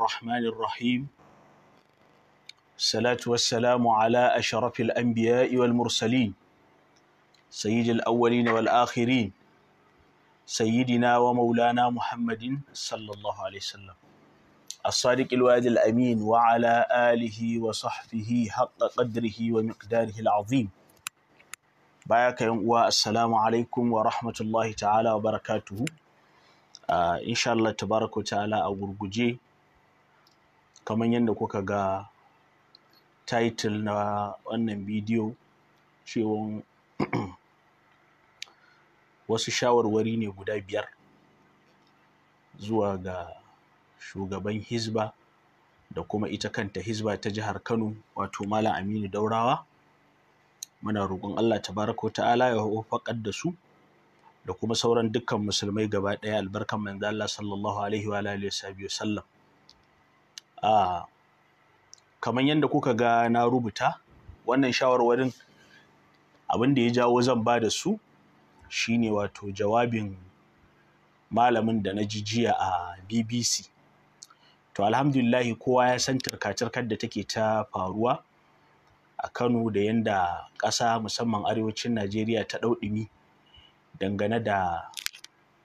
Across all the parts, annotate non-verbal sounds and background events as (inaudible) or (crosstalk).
الرحمن الرحيم الصلاة والسلام على أشرف الأنبياء والمرسلين سيد الأولين والآخرين سيدنا ومولانا محمد صلى الله عليه وسلم الصادق الوعد الأمين وعلى آله وصحبه حق قدره ومقداره العظيم بارك والسلام عليكم ورحمة الله تعالى وبركاته آه إن شاء الله تبارك وتعالى أو kamar yadda kuka ga title na wannan bidiyo cewan (clears throat) wasu shawarwari ne guda biyar zuwa ga shugaban hizba da kuma ita kanta hizba ta jihar kano wato malam aminu daurawa muna roƙon allah tabaraka ta'ala ya wafaƙar da su da kuma sauran dukkan musulmai gaba ɗaya Albarkar manzo allah sallallahu alaihi wa alihi wa sallam A'a, kamar yadda kuka ga na rubuta wannan shawarwarin abinda ya jawo zan ba da su shine wato jawabin malamin da na jiya a bbc to alhamdulillahi kowa ya san tarkatarkar da take ta faruwa a kano da yadda ƙasa musamman arewacin najeriya ta ɗauɗimi dangane da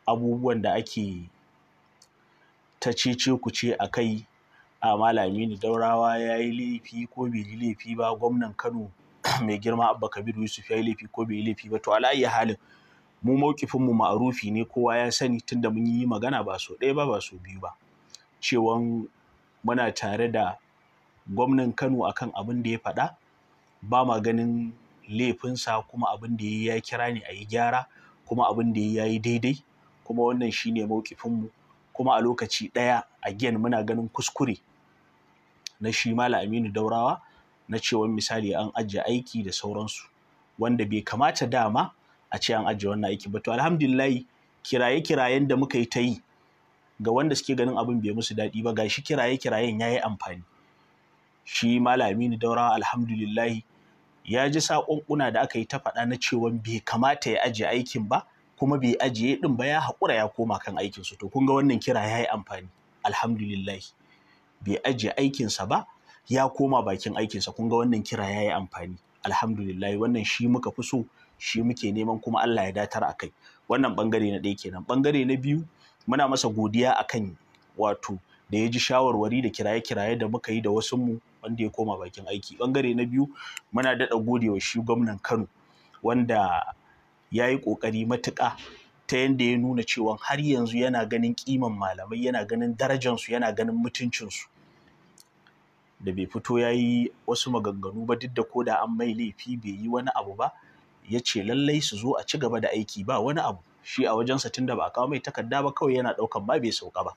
abubuwan da ake ta cece ku ce a kai a malami daurawa ya yi laifi ko bai yi laifi ba gwamnan kano (coughs) mai girma abba kabiru yusuf ya yi laifi ko bai yi laifi ba to ala'ayi halin mu mawkifin mu ma'arufi ne kowa ya sani tunda mun yi magana ba so ɗaya ba ba so biyu ba cewan muna tare da gwamnan kano akan abin da ya faɗa ba ma ganin laifinsa kuma abin da ya kira ne a yi gyara kuma abin da ya yi daidai kuma wannan shine mu kuma a lokaci ɗaya a again muna ganin kuskure na shi Malam Aminu Daurawa na cewa misali an ajiye aiki da sauransu wanda bai kamata dama a ce an ajiye wannan aiki ba to alhamdulillahi kiraye-kirayen da muka yi ta yi ga wanda suke ganin abin bai musu daɗi ba gashi kiraye-kirayen ya yi amfani shi Malam Aminu Daurawa alhamdulillahi ya ji saƙonƙuna da aka yi ta faɗa na cewa bai kamata ya ajiye aikin ba kuma bai ajiye ɗin ba ya haƙura ya koma kan aikinsu to kun ga wannan kira ya yi amfani alhamdulillahi bai ajiye aikinsa ba ya koma bakin aikinsa kun ga wannan kira ya yi amfani alhamdulillah wannan shi muka fi so shi muke neman kuma Allah ya datar a kai wannan bangare na ɗaya kenan bangare na biyu muna masa godiya akan wato da ya ji shawarwari da kiraye-kiraye da muka yi da wasu mu wanda ya koma bakin aiki bangare na biyu muna daɗa gode wa shi gwamnan Kano wanda ya yi ƙoƙari matuƙa ta yadda ya nuna cewa har yanzu yana ganin ƙiman malamai yana ganin darajansu yana ganin mutuncinsu da bai fito ya yi wasu maganganu ba duk da ko da an mai laifi bai yi wani abu ba ya ce lallai su zo a ci gaba da aiki ba wani abu shi a wajensa tunda ba a kawo mai takarda ba kawai yana ɗaukan ba bai sauka ba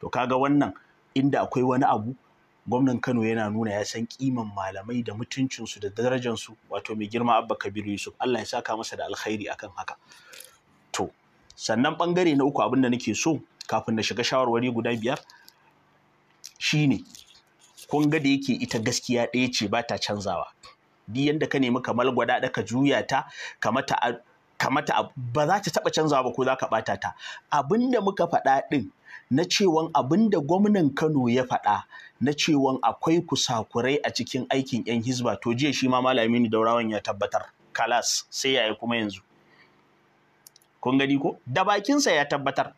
to kaga wannan inda akwai wani abu gwamnan kano yana nuna ya san kiman malamai da mutuncinsu da darajansu wato mai girma abba kabiru yusuf allah ya saka masa da alkhairi akan haka to sannan bangare na uku abin da nake so kafin na shiga shawarwari guda biyar shine kun ga da yake ita gaskiya ɗaya ce ba ta canzawa duk yanda ka nemi kamar gwada da ka juya ta kamata ba za ta taɓa canzawa ba ko za ka ɓata ta abin da muka faɗa ɗin na cewan abin da gwamnan Kano ya faɗa na cewan akwai kusakurai a cikin aikin 'yan hizba to jiya shi ma malami daurawan ya tabbatar kalas sai yaya kuma yanzu kun gani ko da bakinsa ya tabbatar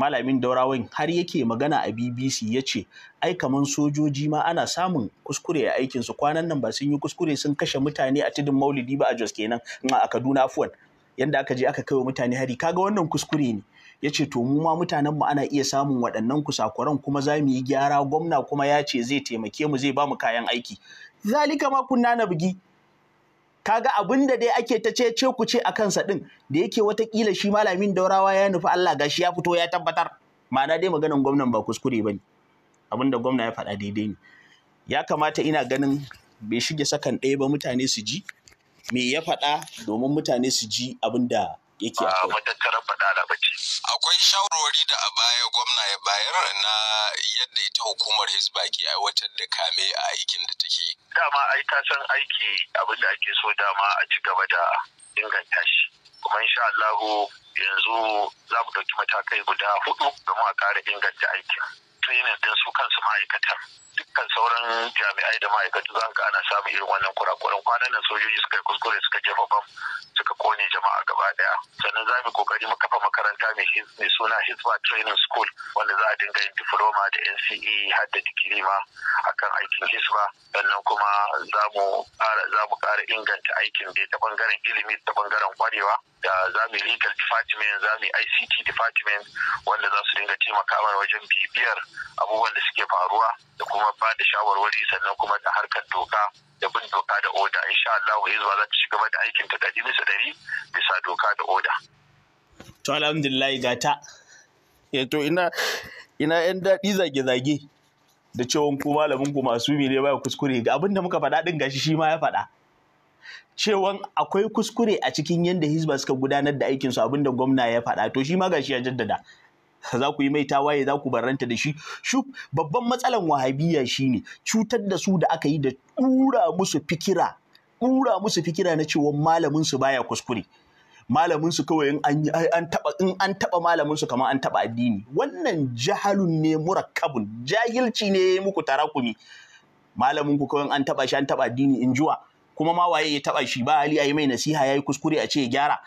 malamin daurawan har yake magana a bbc ya ce ai kamar sojoji ma ana samun kuskure a aikinsu kwanan nan ba sun yi kuskure sun kashe mutane a tudun maulidi ba a jos kenan a kaduna afuwan yadda aka je aka kaiwa mutane hari kaga wannan kuskure ne ya ce to mu ma mutanen mu ana iya samun waɗannan kusakuran kuma za mu yi gyara gwamna kuma ya ce zai taimake mu zai ba mu kayan aiki zalika ma kunna na bugi kaga abin da dai ake ta ce ku ce a kansa ɗin da yake watakila shi malamin daurawa ya nufi Allah ga shi ya fito ya tabbatar ma'ana dai maganan gwamnan ba kuskure ba ne abin da gwamna ya faɗa daidai ne ya kamata ina ganin bai shige sakan ɗaya ba mutane su ji me ya faɗa domin mutane su ji abin da yake a matattarar fadala da ce. Akwai shawarwari da a baya gwamna ya bayar na yadda ita hukumar Hisba ke aiwatar da kame a aikin da take. Dama ai ta san aiki abin da ake so dama a ci gaba da inganta shi. Kuma insha Allahu yanzu za mu ɗauki matakai guda hudu domin a ƙara inganta aikin. Training din su kansu ma'aikatan. dukkan sauran jami'ai da ma'aikatu za ka ana samun irin wannan kurakuran kwanan nan sojoji suka yi kuskure suka jefa bam suka kone jama'a gaba daya sannan za mu kokari mu kafa makaranta mai suna hisba training school wanda za a dinga yin diploma da nce har da digiri ma akan aikin hisba sannan kuma za mu kara inganta aikin da ta bangaren ilimi ta bangaren kwarewa da za mu legal department za mu ICT department wanda za su dinga taimaka mana wajen bibiyar abubuwan da suke faruwa da kuma ba da shawarwari sannan kuma da harkar doka da bin doka da oda insha Allah hizba za ta ci gaba da aikin ta ɗari bisa ɗari bisa doka da oda. To alhamdulillah ga ta. Eh to ina ina yan daɗi zage-zage da cewa ku malamin ku masu ne ba kuskure ga abin muka faɗa ɗin gashi shi ma ya faɗa. cewan akwai kuskure a cikin yadda hizba suka gudanar da aikinsu abinda gwamna ya faɗa to shi ma gashi ya jaddada za ku yi mai tawaye za ku barranta da shi shu babban matsalan wahabiya shine cutar da su da aka yi da ɗura musu fikira ɗura musu fikira na cewa malamin su baya kuskure malamin su kawai in an taba in an taba malamin su kamar an taba addini wannan jahalun ne murakkabun jahilci ne muku tarakumi malamin ku kawai an taba shi an taba addini in juwa kuma ma waye ya taba shi ba hali a yi mai nasiha yayi yi kuskure a ce gyara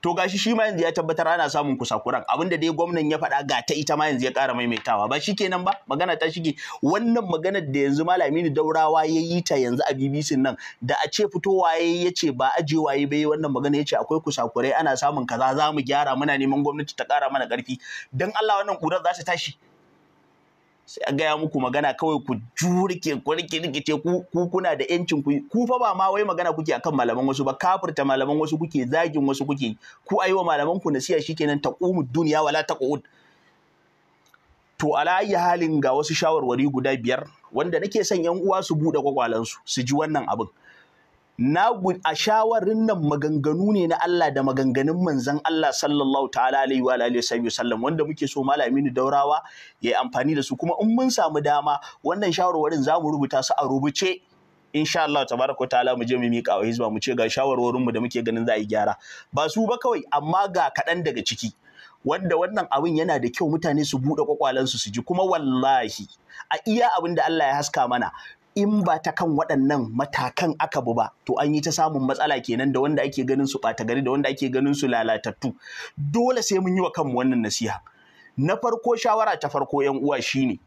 to gashi shi ma yanzu ya tabbatar ana samun kusakuran abinda dai gwamnan ya faɗa ga ta ita ma yanzu ya ƙara maimaitawa ba shi kenan ba magana ta shige wannan maganar da yanzu malami daurawa ya yi ta yanzu a BBC nan da a ce fitowa ya ce ba ajewa waye bai wannan magana ya ce akwai kusakurai ana samun kaza za mu gyara muna neman gwamnati ta ƙara mana ƙarfi dan Allah wannan ƙurar za ta tashi sai a gaya muku magana kawai ku jurike ku rike rikice ku kuna da yancin ku ku fa ba ma wai magana kuke akan malaman wasu ba kafirta malaman wasu kuke zagin wasu kuke ku aiwa malaman ku nasiha shikenan taqumu duniya wala taqud to ala ayi halin ga wasu shawarwari guda biyar wanda nake son yan uwa su bude kwakwalansu su ji wannan abin na a shawarin nan maganganu ne na Allah da maganganun manzan, Allah sallallahu ta'ala alaihi wa alihi sallam wanda muke so malamin daurawa yayi amfani da su kuma in mun samu dama wannan shawarwarin za mu rubuta su a rubuce insha Allah tabaraka ta'ala mu je mu mika wa hizba mu ce ga shawarwarin mu da muke ganin za a yi gyara ba su ba kawai amma ga kaɗan daga ciki wanda wannan abin yana da kyau mutane su buɗe kwakwalensu su ji kuma wallahi a iya abin da Allah ya haska mana in ba ta kan waɗannan matakan aka bu ba to an yi ta samun matsala kenan da wanda ake ganin su ɓata gari da wanda ake ganin su lalatattu dole sai mun yi wa kanmu wannan nasiha na farko shawara ta farko yan uwa shine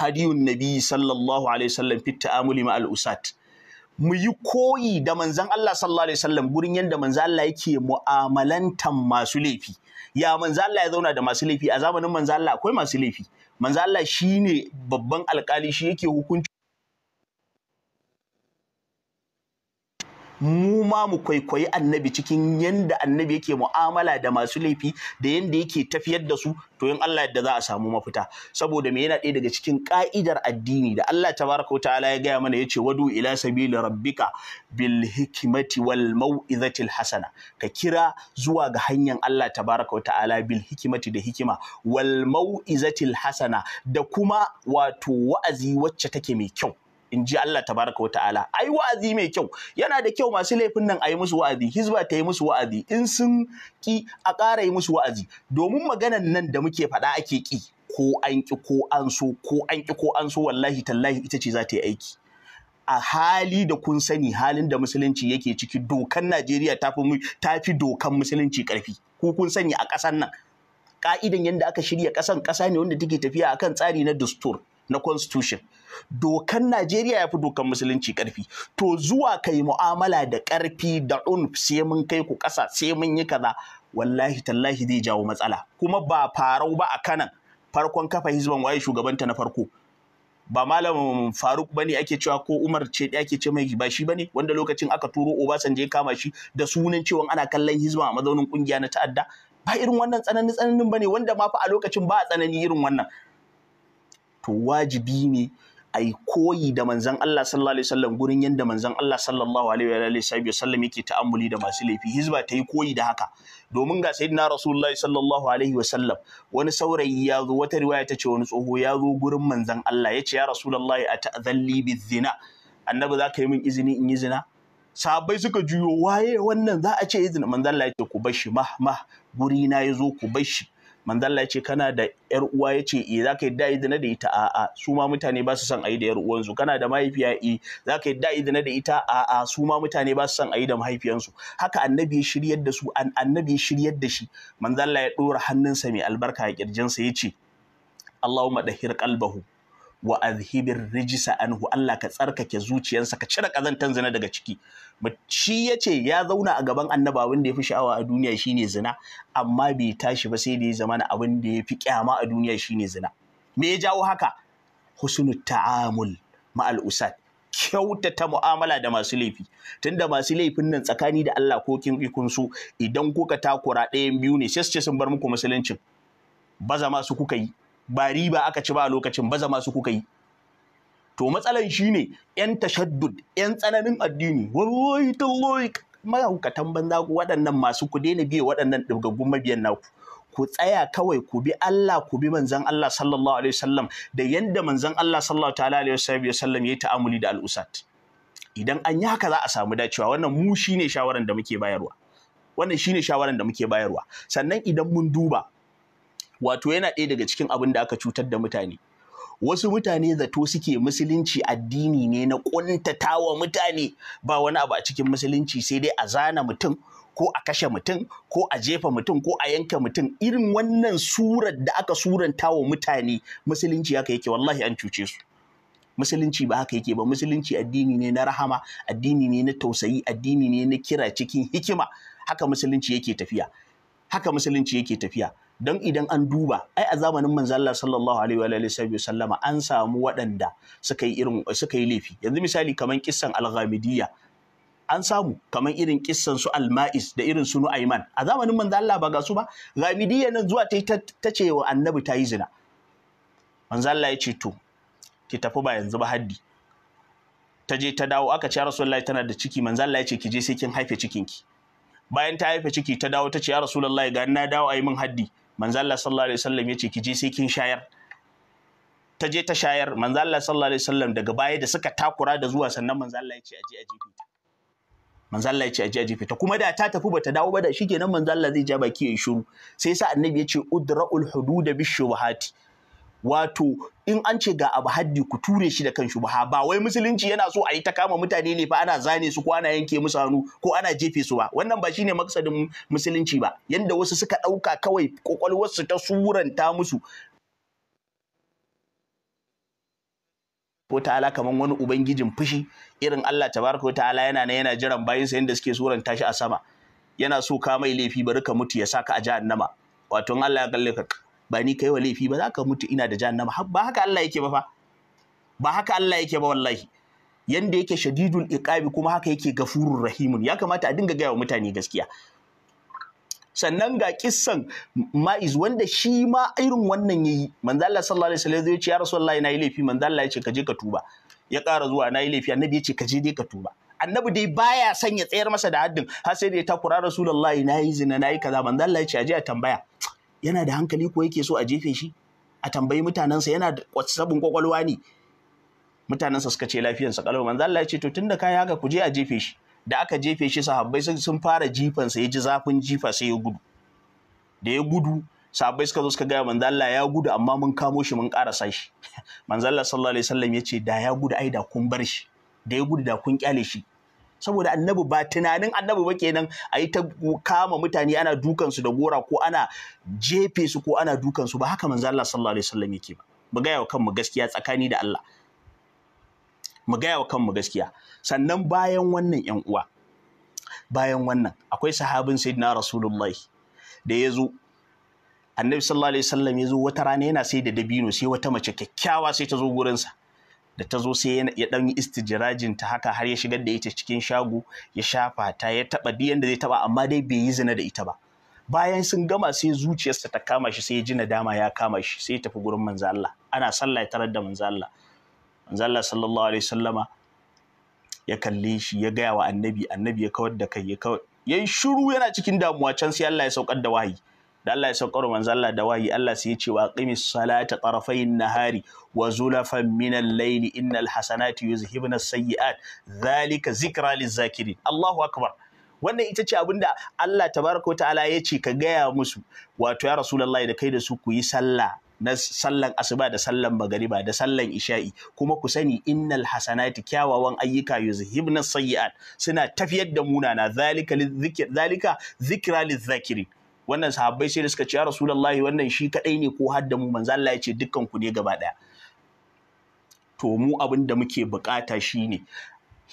hadiyun nabi sallallahu alaihi wasallam fit ta'amuli ma al-usat mu yi koyi da manzan Allah sallallahu alaihi wasallam gurin yadda manzon Allah yake mu'amalantan masu laifi ya manzon Allah ya zauna da masu laifi a zamanin manzon Allah akwai masu laifi manzon Allah shine babban alƙali shi yake hukunci mu ma mu kwaikwayi annabi cikin yanda annabi yake mu'amala da masu laifi da yanda yake tafiyar da su to in Allah yadda za a samu mafita saboda me yana ɗaya daga cikin ka'idar addini da Allah tabaraka wa ta'ala ya gaya mana yace wadu ila sabili rabbika bil hikmati wal mau'izatil hasana ka kira zuwa ga hanyar Allah tabaraka wa ta'ala bil hikmati da hikima wal mau'izatil hasana da kuma wato wa'azi wacce take mai kyau in ji Allah tabaraka wa ta'ala ai wa'azi mai kyau yana da kyau masu laifin nan a yi musu wa'azi hizba ta yi musu wa'azi in sun ki a ƙara yi musu wa'azi domin maganan nan da muke faɗa ake ki ko an ki ko an so ko an ki ko an so wallahi tallahi ita ce za ta yi aiki a hali da kun sani halin da musulunci yake ciki dokan Najeriya ta fi dokan musulunci ƙarfi Ko kun sani a ƙasan nan ka'idan yadda aka shirya ƙasan ƙasa ne wanda take tafiya akan tsari na dustur na constitution dokan Najeriya ya fi dokan musulunci karfi to zuwa kai mu'amala da karfi da unf sai mun kai ku ƙasa sai mun yi kaza wallahi tallahi zai jawo matsala kuma ba farau ba a kanan farkon kafa hizban waye shugabanta na farko ba malam faruk bane ake cewa ko umar ce da ake ce mai ba shi bane wanda lokacin aka turo obasanjo ya kama shi da sunan cewa ana kallon hizba a mazaunin kungiya na ta'adda ba irin wannan tsanani tsananin bane wanda ma fa a lokacin ba a tsanani irin wannan to wajibi ne a yi koyi da manzan Allah sallallahu alaihi wasallam gurin yadda manzan Allah sallallahu alaihi wasallam yake ta'ammuli da masu laifi hizba ta yi koyi da haka domin ga sayyidina rasulullahi sallallahu alaihi wasallam wani saurayi ya zo wata riwaya ta ce wani tsoho ya zo gurin manzan Allah ya ce ya rasulullahi a ta'zalli zina annabi za ka yi min izini in yi zina sahabbai suka juyo waye wannan za a ce izini manzan Allah ya ce ku bar shi mah mah guri na ya zo ku bar shi manzalla ya ce kana da yar uwa ya ce eh zaka yadda idina da ita a'a su ma mutane ba su son ayi da yar uwansu kana da mahaifiya eh zaka yadda idina da ita a'a su ma mutane ba su son ayi da mahaifiyansu haka annabi ya shiryar da su annabi ya shiryar da shi manzalla ya dora hannunsa mai albarka a ƙirjinsa ya ce Allahumma dahir qalbahu wa azhibir rijisa anhu Allah ka tsarkake zuciyarsa ka cire kazantan zina daga ciki shi ya ce ya zauna a gaban annaba wanda da ya fi sha'awa a duniya shine zina amma bai tashi ba sai da ya zama abin da ya fi kyama a duniya shine zina me ya jawo haka husnu ta'amul ma'al usad kyautata mu'amala da masu laifi tunda masu laifin nan tsakani da Allah ko kin ikun su idan kuka takura ɗayan biyu ne sai su ce sun bar muku musuluncin baza su kuka yi ba riba aka ci ba a lokacin baza masu kuka yi to matsalan ne, yan tashaddud yan tsananin addini wallahi tallahi mahaukatan banza ku waɗannan masu ku daina biye waɗannan ɗibgaggun mabiyan naku ku tsaya kawai ku bi Allah ku bi manzan Allah sallallahu alaihi wasallam da yanda manzon Allah sallallahu alaihi wasallam yi ta'amuli da al'usat idan an yi haka za a samu dacewa wannan mu ne da muke shawaran da muke bayarwa sannan idan mun duba wato yana ɗaya daga cikin abin da aka cutar da mutane wasu mutane zato suke musulunci addini ne na ƙuntatawa mutane ba wani abu a cikin musulunci sai dai a zana mutum ko a kashe mutum ko a jefa mutum ko a yanka mutum irin wannan surar da aka suranta wa mutane musulunci haka yake wallahi an cuce su musulunci ba haka yake ba musulunci addini ne na rahama addini ne na tausayi addini ne na kira cikin hikima haka musulunci yake tafiya haka musulunci yake tafiya don idan an duba ai a zamanin manzalla sallallahu alaihi wa alihi wa sallama an samu waɗanda suka yi irin suka yi laifi yanzu misali kaman kissan al-ghamidiyya an samu kaman irin kissan su al-ma'is da irin su nu'ayman a zamanin Allah ba ga su ba ghamidiyya nan zuwa ta ta ce wa annabi ta yi zina Allah ya ce to ki tafi ba yanzu ba haddi ta je ta dawo aka ce rasulullahi tana da ciki Allah ya ce ki je sai kin haife cikinki bayan ta haife ciki ta dawo ta ce ya rasulullahi ga na dawo ayi min haddi manzo sallallahu alaihi wasallam yace ki je sai kin shayar ta je ta shayar manzo sallallahu alaihi wasallam daga baya da suka takura da zuwa sannan manzo Allah yace aje a jefe ta manzo Allah yace aje a jefe ta kuma da ta tafi bata dawo ba da shikenan manzo Allah zai ja baki yayi shiru sai sa annabi yace udra'ul hududa bishubahati wato in an ce ga abu haddi ku ture shi da kan shi ba wai musulunci yana so a yi ta kama mutane ne fa ana zane su ko ana yanke musu hannu ko ana jefe su ba wannan ba shine maksadin musulunci ba yanda wasu suka ɗauka kawai su ta suranta musu ko ta'ala kaman wani ubangijin fushi irin Allah tabaraka ta'ala yana na yana jiran bayin sa yanda suke suranta shi a sama yana so ka mai laifi bari ka mutu ya saka a jahannama wato Allah ya kalle ka ba ni kai wa laifi ba za ka mutu ina da jahannama ba haka Allah yake ba fa ba haka Allah yake ba wallahi yanda yake shadidul iqabi kuma haka yake gafurur rahimun ya kamata a dinga gaya wa mutane gaskiya sannan ga kissan ma'iz wanda shi ma irin wannan yayi manzo Allah sallallahu alaihi wasallam ya ce ya rasulullahi nayi laifi manzo Allah ya ce ka je ka tuba ya ƙara zuwa yi laifi annabi ya ce ka je dai ka tuba annabi dai baya son ya tsayar masa da haddin har sai da ya takura rasulullahi yi zina na yi kaza manzo Allah ya ce a je a tambaya yana da hankali ko yake so a jefe shi a tambayi mutanensa yana da sabon kwakwalwa ne mutanensa suka ce lafiyansa kalau manzo Allah ya ce to tunda kai haka ku je a jefe shi da aka jefe shi sahabbai sun fara jifansa ya ji zafin jifa sai ya gudu da ya gudu sahabbai suka zo suka ga manzo Allah ya gudu amma mun kamo shi mun karasa shi (laughs) manzo Allah sallallahu alaihi wasallam ya ce da ya gudu ai da kun bar shi da ya gudu da kun kyale shi saboda annabi ba tunanin annabi ba kenan a yi ta kama mutane ana dukansu da gora ko ana jefe su ko ana dukansu ba haka manzo Allah sallallahu alaihi wasallam yake ba mu gaya wa kanmu gaskiya tsakani da Allah mu gaya wa kanmu gaskiya sannan bayan wannan yan uwa bayan wannan akwai sahabin sayyidina rasulullahi da ya zo annabi sallallahu alaihi wasallam ya zo wata rana yana sai da dabino sai wata mace kyakkyawa sai ta zo gurinsa sa da ta zo sai ya ɗanyi istijirajin ta haka har ya shigar da ita cikin shago ya shafa ta ya taɓa biyan da zai taɓa, amma dai bai yi zina da ita ba bayan sun gama sai zuciyarsa ta kama shi sai ya ji nadama ya kama shi sai tafi gurin manzo Allah ana sallah ya tarar da manzo Allah manzo Allah sallallahu alaihi wasallama ya kalle shi ya gaya wa annabi annabi ya kawar da kai ya kawar yayin shiru yana cikin damuwa can sai Allah ya saukar da wahayi da Allah ya saukar manzo da wahayi Allah sai ya ce wa aqimis salata tarafayn nahari wa zulafan min al-layli innal hasanati Yuzhib as-sayyi'at dhalika zikra liz-zakirin Allahu akbar wannan ita ce abinda Allah tabaraka wa ta'ala ya ce ka gaya musu wato ya rasulullahi da kai da su ku yi sallah na sallan asuba da sallan magariba da sallan isha'i kuma ku sani innal hasanati kyawawan ayyuka yuzhibna sayyi'at suna tafiyar da munana zalika zalika zikra lizzakiri wannan sahabbai sai da suka ce ya rasulullahi wannan shi kadai ne ko har da mu manzo Allah ya ce dukkan ku ne gaba daya to mu abin da muke bukata shine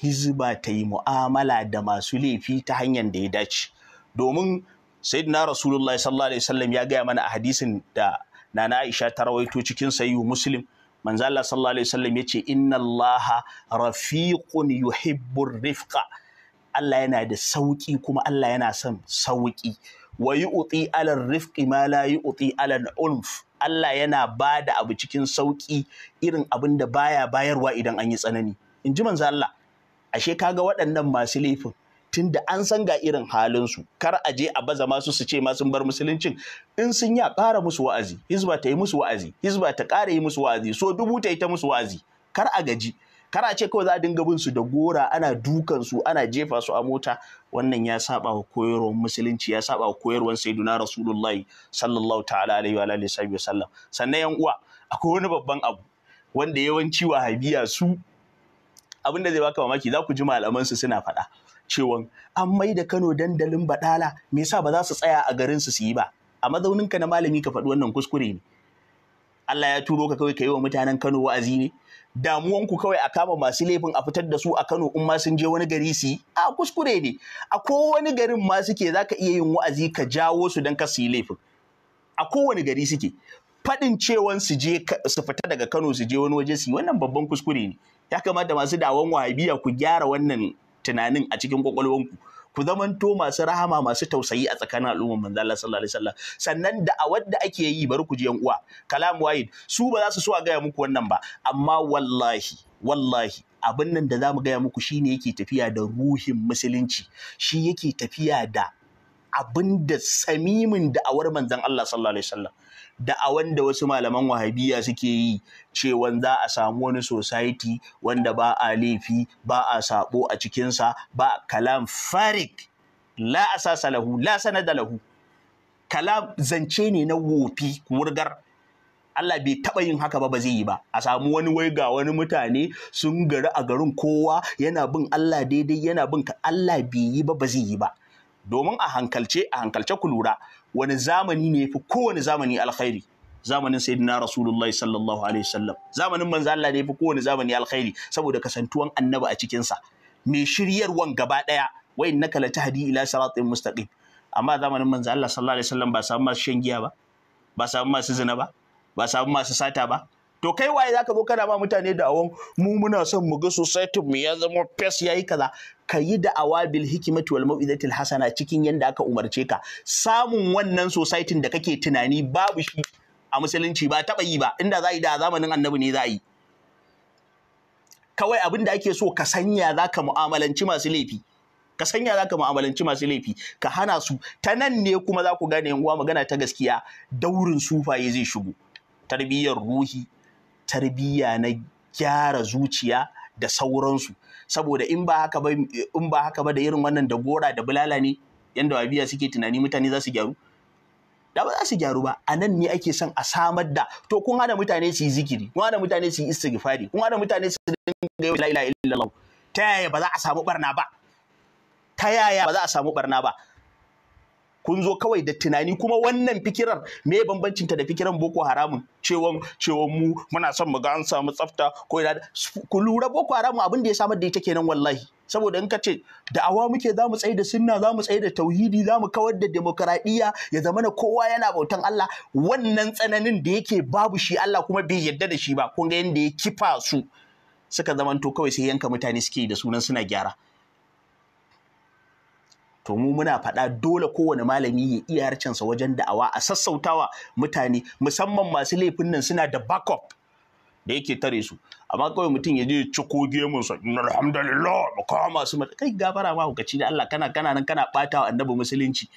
hizba ta yi mu'amala da masu laifi ta hanyar da ya dace domin sayyidina rasulullahi sallallahu alaihi wasallam ya gaya mana a hadisin da nana Aisha ta rawaito cikin sayyu muslim manzo Allah sallallahu alaihi wasallam yace inna Allah rafiqun yuhibbur rifqa Allah yana da sauki kuma Allah yana son sauki wa yi yu'ti alal rifki ma la yu'ti alal ulf Allah yana ba da abu cikin sauƙi irin abin da baya bayarwa idan an yi tsanani in ji manzo Allah ashe kaga waɗannan masu laifin tunda an san ga irin halinsu kar a je a baza masu su ce ma sun bar musuluncin in sun ya ƙara musu wa'azi hizba ta yi musu wa'azi hizba ta ƙara yi musu wa'azi so dubu ta yi ta musu wa'azi kar a gaji kara ce kawai za a dinga bin su da gora ana dukan su ana jefa su a mota wannan ya saba wa koyarwar musulunci ya saba wa koyarwar sayyiduna rasulullahi sallallahu ta'ala alaihi wa alihi sallam sannan yan uwa akwai wani babban abu wanda yawanci wahabiya su abin da zai baka mamaki za ku ji malaman su suna faɗa cewa an mai da Kano dandalin badala me yasa ba za su tsaya a garin su su yi ba a mazauninka na malami ka faɗi wannan kuskure ne Allah ya turo ka kawai ka yi wa mutanen Kano wa'azi ne damuwanku kawai a kama masu laifin a fitar da su a Kano in ma sun je wani gari su yi a kuskure ne a kowane garin ma suke zaka iya yin wa'azi ka jawo su don ka su yi laifin a kowane gari suke faɗin cewan su je su fita daga Kano su je wani waje su yi wannan babban kuskure ne ya kamata masu dawon wahabiya ku gyara wannan tunanin a cikin kwakwalwanku ku zamanto masu rahama masu tausayi a tsakanin al'ummar manzo Allah sallallahu alaihi wasallam sannan a da ake yi bari ku ji yan uwa kalam wahid su ba za su so a gaya muku wannan ba amma wallahi wallahi abin nan da za mu gaya muku shine yake tafiya da ruhin musulunci shi yake tafiya da abin da samimin da'awar manzan Allah sallallahu alaihi wasallam da'awan da wasu malaman wahabiya suke yi cewan za a samu wani society wanda ba a laifi ba a sabo a cikinsa ba kalam farik la asasa lahu la sanada lahu kalam zance ne na wofi wurgar Allah bai taɓa yin haka ba ba zai yi ba a samu wani wai ga wani mutane sun gari a garin kowa yana bin Allah daidai yana bin ka Allah bai yi ba ba zai yi ba domin a hankalce a hankalce ku lura wani zamani ne fi kowane zamani alkhairi zamanin sayyidina rasulullah sallallahu alaihi wasallam zamanin manzo Allah ne fi kowane zamani alkhairi saboda kasantuwan annabi a cikin sa me shiryarwan gaba daya wa innaka latahdi ila siratin mustaqim amma zamanin manzo Allah sallallahu alaihi wasallam ba samu masu shan giya ba ba samu masu zina ba ba samu masu sata ba to kai waye za ka zo kana ba mutane da'awan mu muna son mu ga society mu ya zama fes yayi kaza ka yi da Awabil, hikimati wal mau'izatil hasana cikin yanda aka umarce ka samun wannan society da kake tunani babu shi a musulunci ba taba yi ba inda za yi da zamanin annabi ne za yi kawai abin da ake so ka sanya za ka mu'amalanci masu laifi ka sanya za ka mu'amalanci masu laifi ka hana su ta nan ne kuma za ku gane yan uwa magana ta gaskiya daurin sufaye zai shigo tarbiyyar ruhi tarbiyya na gyara zuciya da sauransu saboda in ba haka ba da irin wannan da gora da bulala ne yanda wabiya suke tunani mutane za su gyaru da ba za su gyaru ba a nan ne ake son a samar da to kun hada mutane su yi zikiri kun hada mutane su yi istighfari kun hada mutane su dinga la ilaha illallah ta yaya ba za a samu barna ba ta yaya ba za a samu barna ba kun zo kawai da tunani kuma wannan fikirar me bambancinta da fikiran boko haramun cewon cewon mu muna son mu ga an samu tsafta ko ina ku lura boko haramun abin da ya samar da ita kenan wallahi saboda in ka ce da awa muke za mu tsaye da sunna za mu tsaye da tauhidi za mu kawar da demokaradiyya ya zama na kowa yana bautan Allah wannan tsananin da yake babu shi Allah kuma bai yarda da shi ba kun ga yanda ya kifa su suka zamanto kawai sai yanka mutane suke da sunan suna gyara to mu muna faɗa dole kowane malami ya iya harcensa wajen da'awa a sassautawa mutane musamman masu laifin nan suna da backup da yake tare su amma kawai mutum ya je ya ciko gemunsa alhamdulillah ba kawo masu mata kai gafara ma hukaci da Allah kana kana nan kana ɓata wa annabi musulunci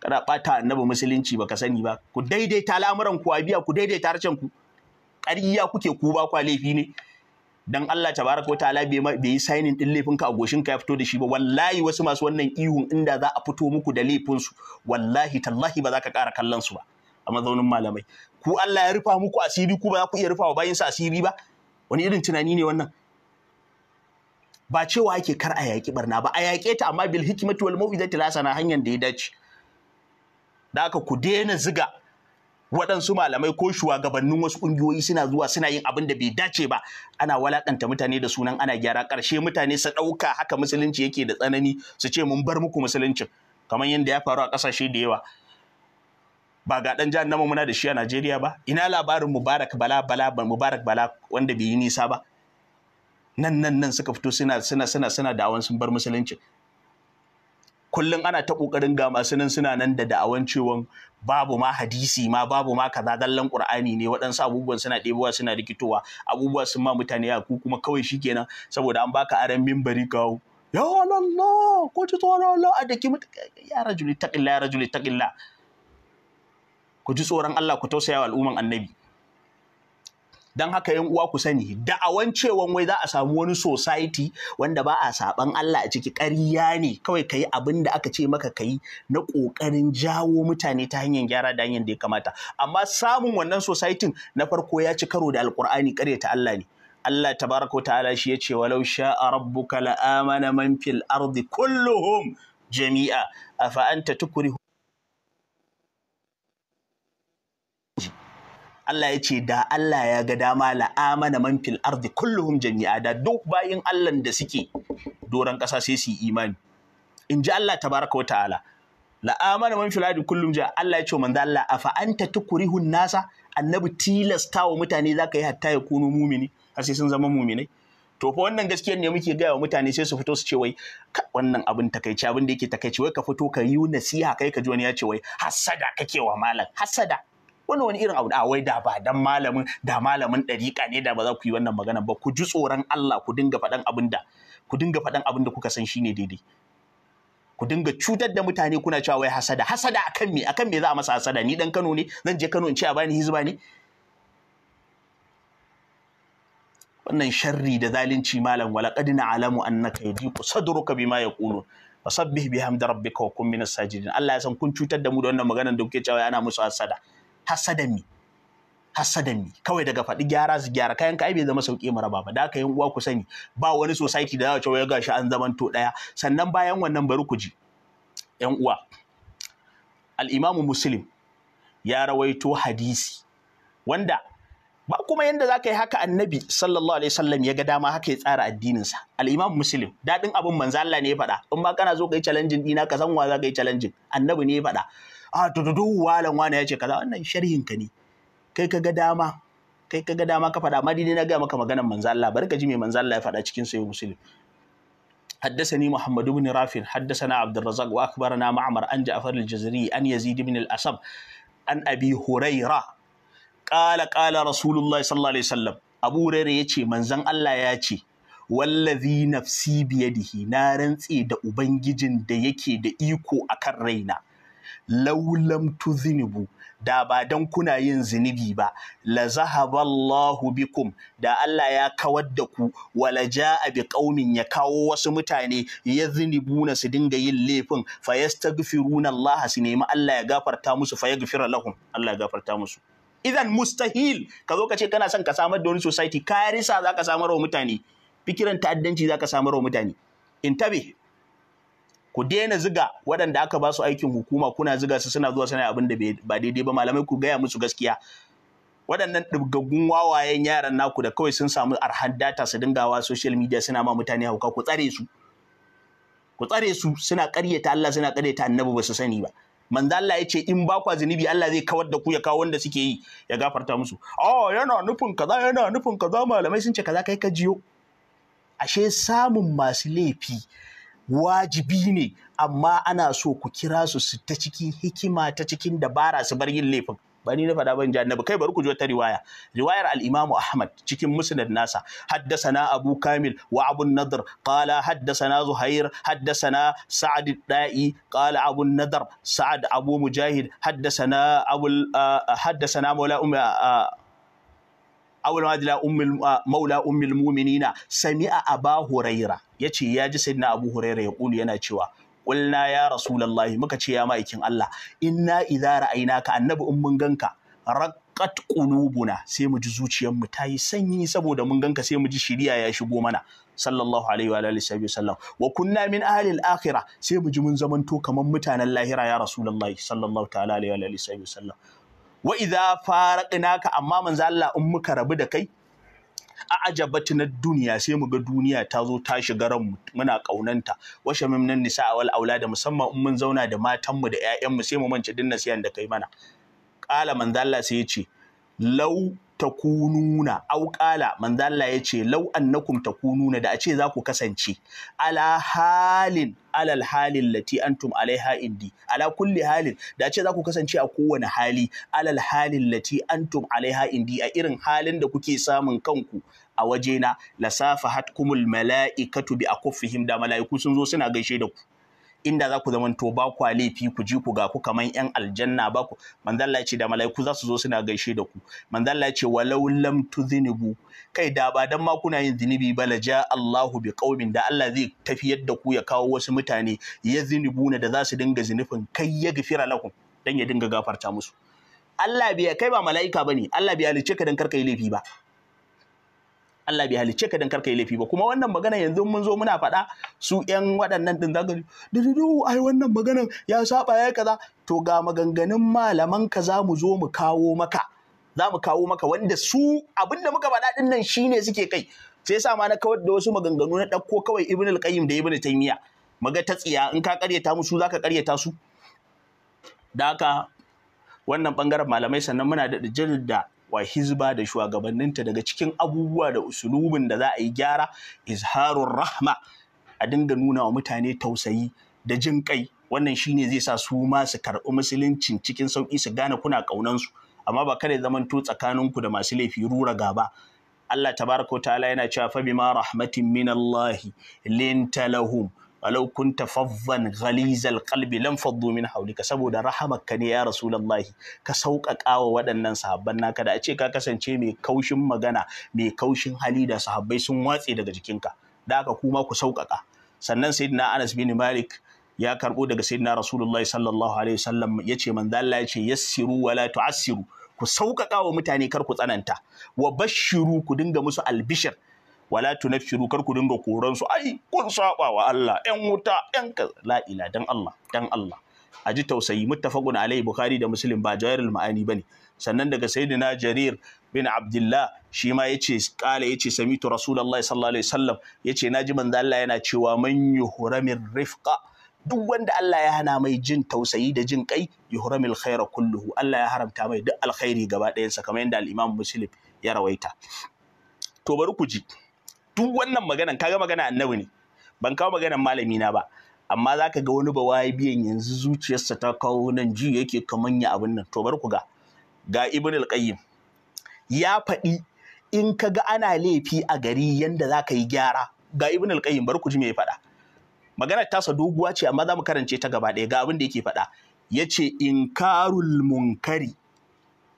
kana ɓata annabi musulunci baka sani ba ku daidaita al'amuran ku a ku daidaita harcen ku ƙarya kuke ku ba kwa laifi ne dan Allah tabaraka wataala bai bai yi signing din laifin ka a goshin ka ya fito da shi ba wallahi wasu masu wannan ihun inda za a fito muku da laifin su wallahi tallahi ba za ka ƙara kallon su ba a mazaunin malamai ku Allah ya rufa muku asiri ku ba za ku iya rufa wa bayin sa asiri ba wani irin tunani ne wannan ba cewa ake kar a yaƙi barna ba a yaƙe ta amma bil hikmati wal mau'izati lasana hanyar da ya dace da aka ku daina ziga waɗansu malamai ko shugabannin wasu ƙungiyoyi suna zuwa suna yin abin da bai dace ba ana walakanta mutane da sunan ana gyara ƙarshe mutane su ɗauka haka musulunci yake da tsanani su ce mun bar muku musuluncin kamar yadda ya faru a ƙasashe da yawa ba ga ɗan jihar muna da shi a Najeriya ba ina labarin Mubarak Bala Bala Mubarak Bala wanda bai yi nisa ba nan nan nan suka fito suna suna suna suna sun bar musulunci kullum ana ta kokarin ga masu nan suna nan da da'awan cewa babu ma hadisi ma babu ma kaza dallan qur'ani ne waɗansu abubuwan suna ɗebowa suna rikitowa abubuwa sun ma mutane ya ku kuma kawai shikenan saboda an baka aran mimbari kawo ya Allah ko ji tsoron Allah a daki ya rajuli taqilla ya rajuli taqilla ku ji tsoron Allah ku tausaya wa al'umman annabi don haka yan uwa ku sani da'awan cewan wai za a samu wani society wanda ba a saban Allah a ciki ƙarya ne kawai kai abin da aka ce maka kai na ƙoƙarin jawo mutane ta hanyar gyara da hanyar da ya kamata amma samun wannan society na farko ya ci karo da alƙur'ani ta Allah ne Allah tabaraka wa ta'ala shi ya ce walau sha'a rabbuka la amana man fil ardi kulluhum jami'a afa anta tukrihu Allah ya ce da Allah ya ga dama amana man fil ardi kulluhum jami'a da duk bayin Allah da suke doron ƙasa sai su imani in ji Allah tabaraka wa ta'ala amana man fil ardi kullum ja Allah ya ce manzo Allah afa anta tukrihun nasa annabi wa mutane zaka yi hatta ya kuno mumini har sai sun zama muminai to fa wannan gaskiyar ne muke gaya wa mutane sai su fito su ce wai wannan abin takaici abin da yake takaici wai ka fito ka yi nasiha kai ka ji wani ya ce wai hasada kake wa malam hasada wani wani irin abu da ah, wai da ba dan malamin da malamin dariƙa ne da ba za ku yi wannan magana ba ku ji tsoron Allah ku dinga faɗan abin da ku dinga faɗan abin da kuka san shine daidai ku dinga cutar da mutane kuna cewa wai hasada hasada akan me akan me za a masa hasada ni dan Kano ne zan je Kano in ce a bani hizba ne wannan sharri da zalunci malam walaqad na'lamu annaka yadiqu sadruka bima yaqulun fasabbih bihamdi rabbika wa kun minas sajidin Allah ya san kun cutar da mu da wannan maganar da kuke cewa ana musu hasada hasadami hasadami kawai daga faɗi gyara su gyara kayan ka bai zama sauƙi raba ba da aka yin uwa ku sani ba wani society da za a ya gashi an zamanto ɗaya sannan bayan wannan bari ku ji yan uwa al'imamu muslim ya rawaito hadisi wanda ba kuma yanda za ka yi haka annabi sallallahu alaihi wasallam ya ga dama haka ya tsara addininsa Al'imamu muslim daɗin abin manzo Allah ne ya faɗa in ma kana zo ka yi challenging ɗina ka san wa za ka yi challenging annabi ne ya faɗa a ah, to dudu walan wani ya ce kaza wannan sharhin ka ne kai ka ga dama kai ka ga dama ka faɗa amma dai na gaya maka maganar manzo Allah bari ka ji me manzo Allah ya faɗa cikin sahih muslim حدثني محمد بن رافع حدثنا عبد الرزاق واخبرنا معمر عن جعفر الجزري عن يزيد بن الاسب عن ابي هريره قال قال رسول الله صلى الله عليه وسلم ابو هريره يجي منزن الله يجي wallazi nafsi biyadihi na rantse da ubangijin da yake da iko kan raina Laulamtu zinubu, da ba don kuna yin zinibi ba la zahaballahu bikum da Allah ya kawar da ku wala ja'a bi qaumin ya kawo wasu mutane ya na su dinga yin laifin fa yastaghfiruna Allah su nemi Allah ya gafarta musu fa yaghfira lahum Allah ya gafarta musu idan mustahil ka zo ka ce kana son ka samar da wani society ka risa za ka samar wa mutane fikiran ta'addanci za ka samar wa mutane intabe ku daina ziga waɗanda aka ba su aikin hukuma kuna ziga su suna zuwa suna abin da ba daidai ba malamai ku gaya musu gaskiya waɗannan ɗibgaggun wawayen yaran naku da kawai sun samu arhan data su dingawa social media suna ma mutane hauka ku tsare su ku tsare su suna ƙaryata Allah suna ƙaryata annabi ba su sani ba manzo Allah ya ce in ba kwa zunubi Allah zai kawar da ku ya kawo wanda suke yi ya gafarta musu oh yana nufin kaza yana nufin kaza malamai sun ce kaza kai ka jiyo ashe samun masu laifi wajibi ne amma ana so ku kira su su ta cikin hikima ta cikin dabara su bar yin laifin ba ni na faɗa ban ji annabi kai bari ku ji wata riwaya riwayar al-Imam Ahmad cikin musnad nasa haddasana Abu Kamil wa Abu Nadr qala haddasana Zuhair haddasana Sa'd da'i qala Abu Nadr Sa'd Abu Mujahid haddasana Abu ah, haddasana Mawla Ummi ah, awal madila ummul maula ummul mu'minina sami'a aba huraira yace ya ji sayyidina abu huraira ya kulu yana cewa qulna ya rasulullahi muka ce ya ma'aikin Allah inna idza ra'ainaka annabi in mun ganka raqqat qulubuna sai mu ji zuciyarmu ta yi sanyi saboda mun ganka sai mu ji shiriya ya shigo mana sallallahu alaihi wa alihi wa sallam wa kunna min ahli al-akhirah sai mu ji mun zamanto kaman mutanen lahira ya rasulullahi sallallahu ta'ala alaihi wa alihi sallam wa idza faraqnaka amma manzo Allah in muka rabu da kai a ajabati na duniya sai mu ga duniya ta zo ta shiga ran muna kaunanta washe mimnan nisa wal aulada musamman in mun zauna da matanmu da mu sai mu mance dinna sayan da kai mana qala manzo Allah sai ya ce lau takununa auƙala manzo Allah ya ce lau annakum takununa da a ce za ku kasance ala halin alal halin lati antum alaiha indi ala kulli halin da a ce za ku kasance a kowane hali alal halin lati antum alaiha indi a irin halin da kuke samun kanku a wajena lasafahatkumul mala'ikatu bi akuffihim da mala'iku sun zo suna gaishe da ku inda za ku zamanto ba ku laifi ku ji ku ga ku kaman yan aljanna ba ku manzalla ce da mala'iku za su zo suna gaishe da ku manzalla Allah ce walau lam tuzinibu kai da ba dan ma kuna yin zinubi ba laja Allahu bi qaumin da Allah zai tafiyar da ku ya kawo wasu mutane ya zinubuna da za su dinga zinufin kai ya gafira lakum dan ya dinga gafarta musu Allah bai kai ba mala'ika bane Allah bai ce ka dan karka yi laifi ba Allah bai halicce ka dan karka yi laifi ba kuma wannan magana yanzu mun zo muna faɗa su ƴan waɗannan din zaka dudu ai wannan maganan ya saba ya kaza to ga maganganun malaman ka za mu zo mu kawo maka za mu kawo maka wanda su abinda muka faɗa din nan shine suke kai sai sa ma na kawar da wasu maganganu na ɗauko kawai Ibn al-Qayyim da Ibn Taymiyyah maga ta tsiya in ka ƙaryata musu zaka ƙaryata su da haka wannan bangaren malamai sannan muna da jirin da wa hizba da shugabanninta daga cikin abubuwa da usulubin da za a yi gyara izharun rahma a dinga nuna wa mutane tausayi da jin kai wannan shine zai sa su ma su karɓi musuluncin cikin sauƙi su gane kuna ƙaunansu amma ba kada zamanto tsakaninku da masu laifi rura gaba Allah tabaraka wa ta'ala yana cewa fa bima rahmatin min Allah lahum walau kunta fazzan Kalbi, qalbi lam faddu min hawlika saboda rahamarka ne ya rasulullahi ka sauƙaƙa wa waɗannan sahabban naka da a ce ka kasance mai kaushin magana mai kaushin hali da sahabbai sun watse daga jikinka da aka kuma ku sauƙaƙa sannan sayyidina Anas bin Malik ya karɓo daga sayyidina rasulullahi sallallahu alaihi wasallam yace manzo Allah yace yassiru wala tu'assiru ku sauƙaƙa wa mutane kar ku tsananta wa bashiru ku dinga musu albishir wala firu, kar ku dinga koran su ai kun saba wa Allah yan wuta yan la ila dan Allah dan Allah a ji tausayi muttafaqun alai bukhari da muslim ba jawairul ma'ani bane sannan daga sayyidina jarir bin abdullah shi ma yace kala yace samitu rasulullahi sallallahu alaihi wasallam yace naji manzo Allah yana cewa man yuhramir rifqa duk wanda Allah ya hana mai jin tausayi da jin kai yuhramil khaira kulluhu Allah ya haramta mai duk alkhairi gaba ɗayansa kamar yadda al-Imam Muslim ya rawaita to bari ku ji duk wannan maganan kaga magana annabi ne ban kawo maganan malami na ba amma za ka ga wani waye biyan yanzu zuciyarsa ta kawo nan ji yake kaman ya abin nan to bar ku ga ga ibn al-qayyim ya faɗi in ka ga ana laifi a gari yanda za ka yi gyara ga ibn al-qayyim bar ku ji me ya faɗa magana tasa doguwa ce amma za mu karance ta gaba ɗaya ga abin da yake faɗa ya ce inkarul munkari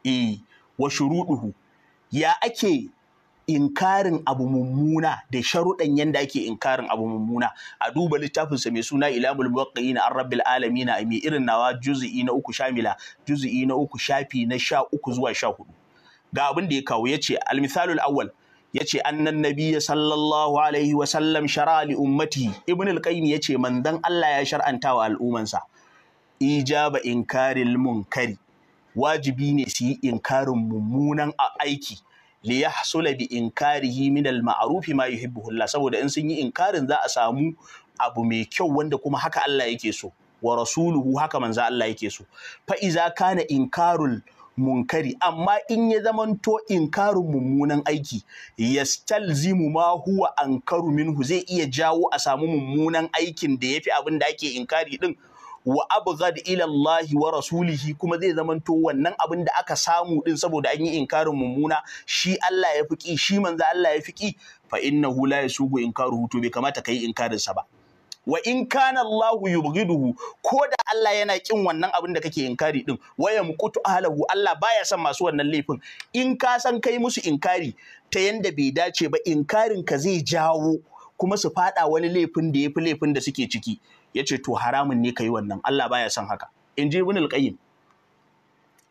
e wa shuruɗuhu ya ake inkarin abu mummuna da sharuɗan yanda ake inkarin abu mummuna a duba littafinsa mai suna ilamul muwaqqi'in an rabbil alamin a mai irin nawa juz'i na uku shamila juz'i na uku shafi na sha uku zuwa sha hudu ga abin da ya kawo ya ce almithalul awwal ya ce annan nabiya sallallahu alaihi wa sallam shara li ummati ibn al ya ce manzon Allah ya shar'anta wa al'umansa ijaba inkaril munkari wajibi ne su yi inkarin mummunan aiki li yahsula bi inkarihi min al ma'ruf ma yuhibbu Allah saboda in sun yi inkarin za a samu abu mai kyau wanda kuma haka Allah yake so wa rasuluhu haka manzo Allah yake so fa iza kana inkarul munkari amma in ya zamanto inkarin mummunan aiki yastalzimu ma huwa ankaru minhu zai iya jawo a samu mummunan aikin da yafi abin da ake inkari din wa abghad ila Allah wa rasulihi kuma zai zamanto wannan abin da aka samu din saboda an yi inkarin mummuna shi Allah ya fiki shi manzo Allah ya fiki fa innahu la yasugu inkaruhu to bai kamata kai inkarin sa ba wa in kana Allah yubghiduhu ko da Allah yana kin wannan abin da kake inkari din waya muqutu ahlahu Allah baya son masu wannan laifin in ka san kai musu inkari ta yanda bai dace ba inkarin ka zai jawo kuma su fada wani laifin da yafi laifin da suke ciki Ya ce to haramun ne ka yi wannan Allah baya son haka in ji ibn al-qayyim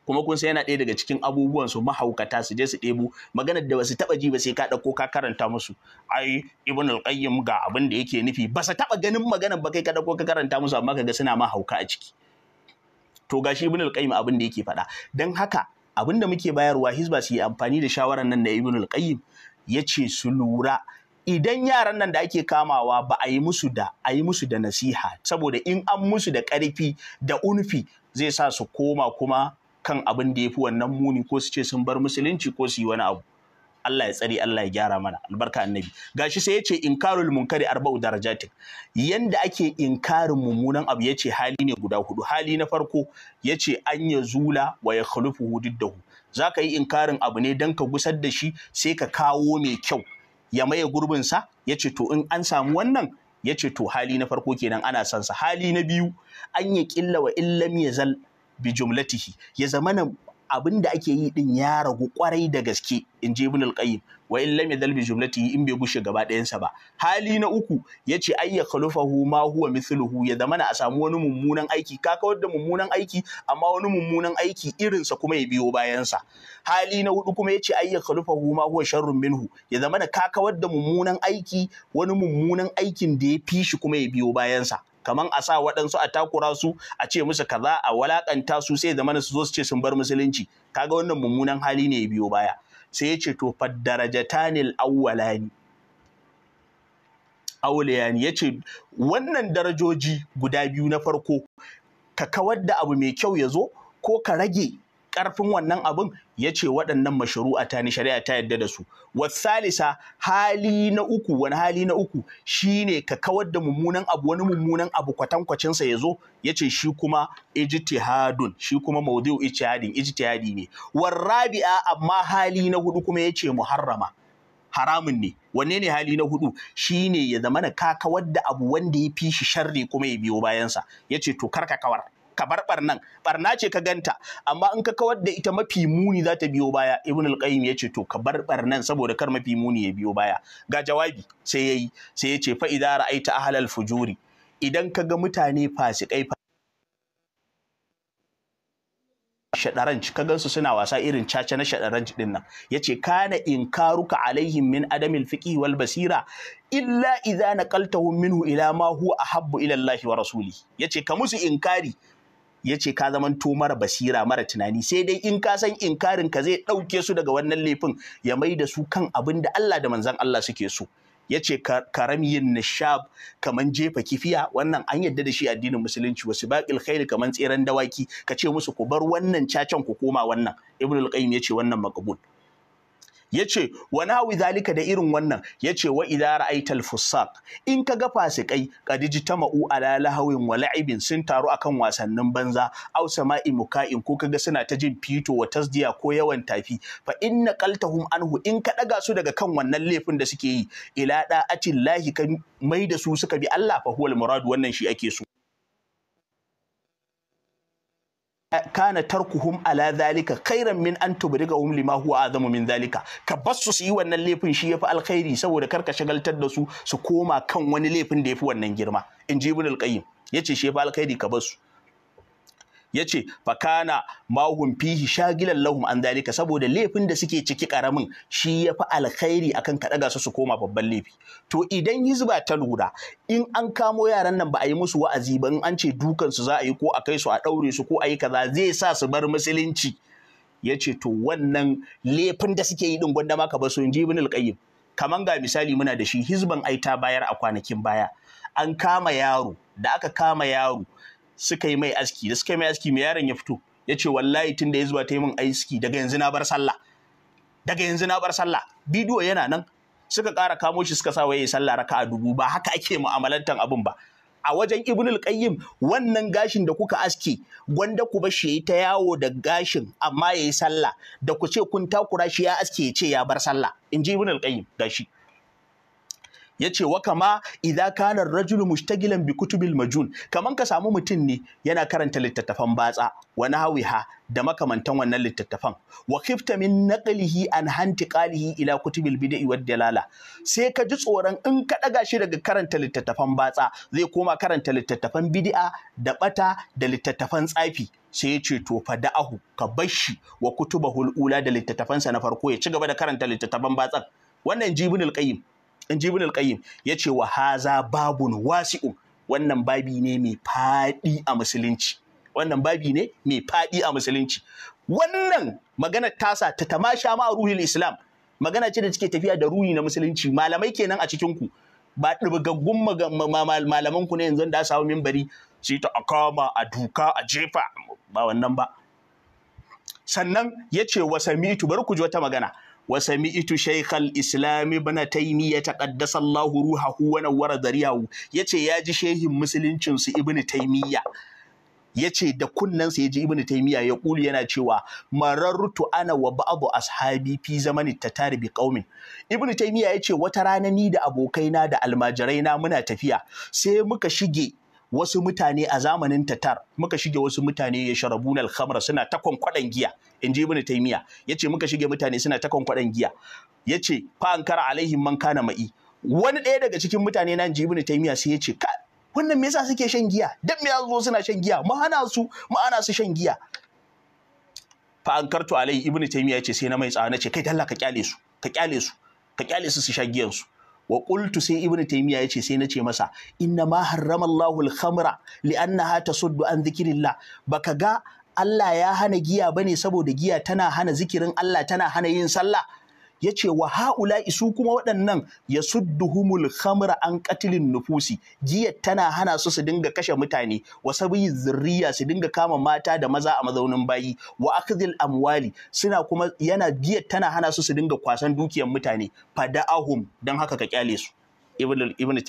kuma kun sai yana ɗaya daga cikin abubuwan su mahaukata su je su ɗebo maganar da basu taba ji ba sai ka ɗauko ka karanta musu ai ibn al-qayyim ga abin da yake nufi ba su taba ganin maganar ba kai ka ɗauko ka karanta musu amma kaga suna mahauka a ciki to gashi ibn al-qayyim abin da yake faɗa dan haka abin da muke bayarwa hisba su yi amfani da shawarar nan na ibn al-qayyim yace su lura idan yaran nan da ake kamawa ba a yi musu da a yi musu da nasiha saboda in an musu da ƙarfi da unfi zai sa su koma kuma kan abin da ya fi wannan muni ko su ce sun bar musulunci ko su yi wani abu Allah ya tsari Allah ya gyara mana albarka annabi gashi sai yace inkarul munkari arba'u darajatin yanda ake inkarin mummunan abu yace hali ne guda hudu hali na farko yace an ya zula wa ya khulufu hudiddahu zaka yi inkarin abu ne dan ka gusar da shi sai ka kawo mai kyau ya maye gurbinsa ya ce to in an samu wannan ya ce to hali na farko kenan ana son sa hali na biyu an yi killa wa illam ya zal bi jumlatihi ya zamana abin da ake yi din ya ragu kwarai da gaske in je ibn al-qayyim wa in lam yadhal bi jumlatihi in bai gushe gaba ɗayansa ba hali na uku yace ay ya khalufahu ma huwa mithluhu ya zamana a samu wani mummunan aiki ka kawar da mummunan aiki amma wani mummunan aiki irinsa kuma ya biyo bayansa hali na hudu kuma yace ya khalufahu ma huwa sharrun minhu ya zamana ka kawar da mummunan aiki wani mummunan aikin da ya fi shi kuma ya biyo bayansa kaman a sa waɗansu a takura su a ce musu kaza a walakanta su sai zamana su zo su ce sun bar musulunci kaga wannan mummunan hali ne biyo baya sai ya ce to faddarajatanil awwalani awliyani ya ce wannan darajoji guda biyu na farko ka kawar da abu mai kyau ya zo ko ka rage karfin wannan abin ya ce waɗannan mashuru a ni shari'a ta yadda da su wasalisa hali na uku wani hali na uku shine ka kawar da mummunan abu wani mummunan abu kwatankwacinsa ya zo. ya ce shi kuma ijtihadun shi kuma mawdu'u ijtihadin ijtihadi ne warrabi'a amma hali na hudu kuma ya ce muharrama haramun ne wanne ne hali na hudu shine ya zamana ka kawar da abu wanda ya fi shi sharri kuma ya biyo bayansa ya ce to kar ka kawar kamar barnan barna ce ka ganta amma in ka kawar da ita mafi muni za ta biyo baya ibn al-qayyim ya ce to ka bar barnan saboda kar mafi muni ya biyo baya ga jawabi sai yayi sai ya ce fa idza ra'aita ahlal fujuri idan ka ga mutane fasikai shaɗaranci ka gansu suna wasa irin caca na shaɗaranci ɗin nan yace kana inkaruka alaihim min adamil fiqi wal basira illa idza naqaltahum minhu ila ma huwa ahabbu ila allahi wa rasuli yace ka musu inkari ya ce ka zaman to mara basira mara tunani sai dai in ka san inkarin ka zai ɗauke su daga wannan laifin ya mai da su kan abin da Allah da manzan Allah suke so ya ce karamiyin nishab kaman jefa kifiya wannan an yadda da shi addinin musulunci wasu baƙil khairi kaman tseren dawaki ka ce musu ku bar wannan cacan ku koma wannan ibnul qayyim ya ce wannan maqbul Ya ce, wa nawi zalika da irin wannan Ya ce, wa idza ra'aital fusaq in ga fasikai qad jitama'u ala lahawin wa la'ibin sun taru a kan wasannin banza aw sama'i muka'in ko ga suna ta jin fito wa tasdiya ko yawan tafi fa inna qaltahum anhu in ka ɗaga su daga kan wannan laifin da suke yi ila da'atillahi ka mai da su suka bi Allah fa huwal murad wannan shi ake so kana tarkuhum ala zalika khairan min an tubrigahum lima huwa azamu min zalika ka bassu su yi wannan laifin shi yafi alkhairi saboda kar ka shagaltar da su su koma kan wani laifin da yafi wannan girma in ji ibn al-qayyim yace shi yafi alkhairi ka bassu ya ce fakana mahun fihi shagilan lahum an dalika saboda laifin da suke ciki karamin shi ya fi alkhairi akan ka ɗaga su su koma babban laifi to idan hizba ta lura in an kamo yaran nan ba a yi musu wa'azi ba in an ce dukan su za a yi ko a kai su a ɗaure su ko a yi kaza zai sa su bar musulunci ya ce to wannan laifin da suke yi din gwanda ma ka ba su inji ji qayyim kaman ga misali muna da shi hizban aita bayar a kwanakin baya an kama yaro da aka kama yaro suka yi mai aski da suka yi mai aski mai yaron ya fito ya ce wallahi tun da ya zuwa ta yi min aski daga yanzu na bar sallah daga yanzu na bar sallah bidiyo yana nan suka ƙara kamo shi suka sa waye sallah raka a dubu ba haka ake mu'amalantar abin ba a wajen ibnul qayyim wannan gashin da kuka aske gwanda ku bar shi ta yawo da gashin amma yayi sallah da ku ce kun takura shi ya aske ya ce ya bar sallah inji ibnul qayyim gashi Ya ce, wa kama idan kana rajulu mushtagilan bi kutubil majun kaman ka samu mutum ne yana karanta littattafan batsa wani hawiha, da makamantan wannan littattafan wa khifta min naqlihi an hanti qalihi ila kutubil bid'i wad dalala sai ka ji tsoron in ka daga shi daga karanta littattafan batsa zai koma karanta littattafan bid'a da bata da littattafan tsafi sai ya ce to fa da'ahu ka bashi wa kutuba hul'ula da littattafansa na farko ya ci gaba da karanta littattafan batsan wannan jibinul qayyim in jibin alƙayyim ya ce wa haza babun wasi'un wannan babi ne mai faɗi a musulunci wannan babi ne mai faɗi a musulunci wannan maganar tasa ta tamasha ma ruhul islam magana ce da take tafiya da ruhi na musulunci malamai kenan a cikin ku ba ɗibgaggun malaman ku ne yanzu da su minbari mimbari su ta ta akama a duka a jefa ba wannan ba sannan ya ce wa samitu bari ku ji wata magana Wasani'itu shekara islamai mana ta yi miya ta ƙaddassar Lahuru, Hahu, Wanawara, Zari, Hawu, ya ce ya ji shehin musuluncinsu Ibn Taymiya ya ce da kunnansa ya ji Ibn Taymiya ya kuli yana cewa marar ana wa ba'gu asabibi fiye za mu littatta da biƙaumin. Ibn Taymiya ya ce wata rana, ni da abokaina da almajiraina muna tafiya, sai muka shige. wasu mutane a zamanin tatar muka shige wasu mutane ya sharabu na alhamra suna ta kwankwaɗan giya in ji taimiya ya ce muka shige mutane suna ta kwankwaɗan giya ce, fa ankara alaihim man kana ma'i wani ɗaya daga cikin mutane na ji ibnu taimiya sai ya ce, ka wannan me yasa suke shan giya dan me yasa zo suna shan giya mu hana su mu hana su shan giya fa ankartu alaihi ibnu ya ce sai na mai tsawa na ce, kai dalla ka kyale su ka kyale su ka kyale su su sha giyan su wa qultu sai ibnu taymiya yace sai nace masa inna ma harrama Allahu al-khamra li'annaha tasuddu an dhikrillah baka ga Allah ya hana giya bane saboda giya tana hana zikirin Allah tana hana yin sallah ya ce wa ha'ula isu kuma waɗannan ya humul khamra an katilin nufusi jiya tana hana su su dinga kashe mutane wa sabi zirriya su dinga kama mata da maza a mazaunin bayi wa akhdhil amwali suna kuma yana giyar tana hana su su dinga kwasan dukiyar mutane fada'ahum dan haka ka kyale su ibn ibn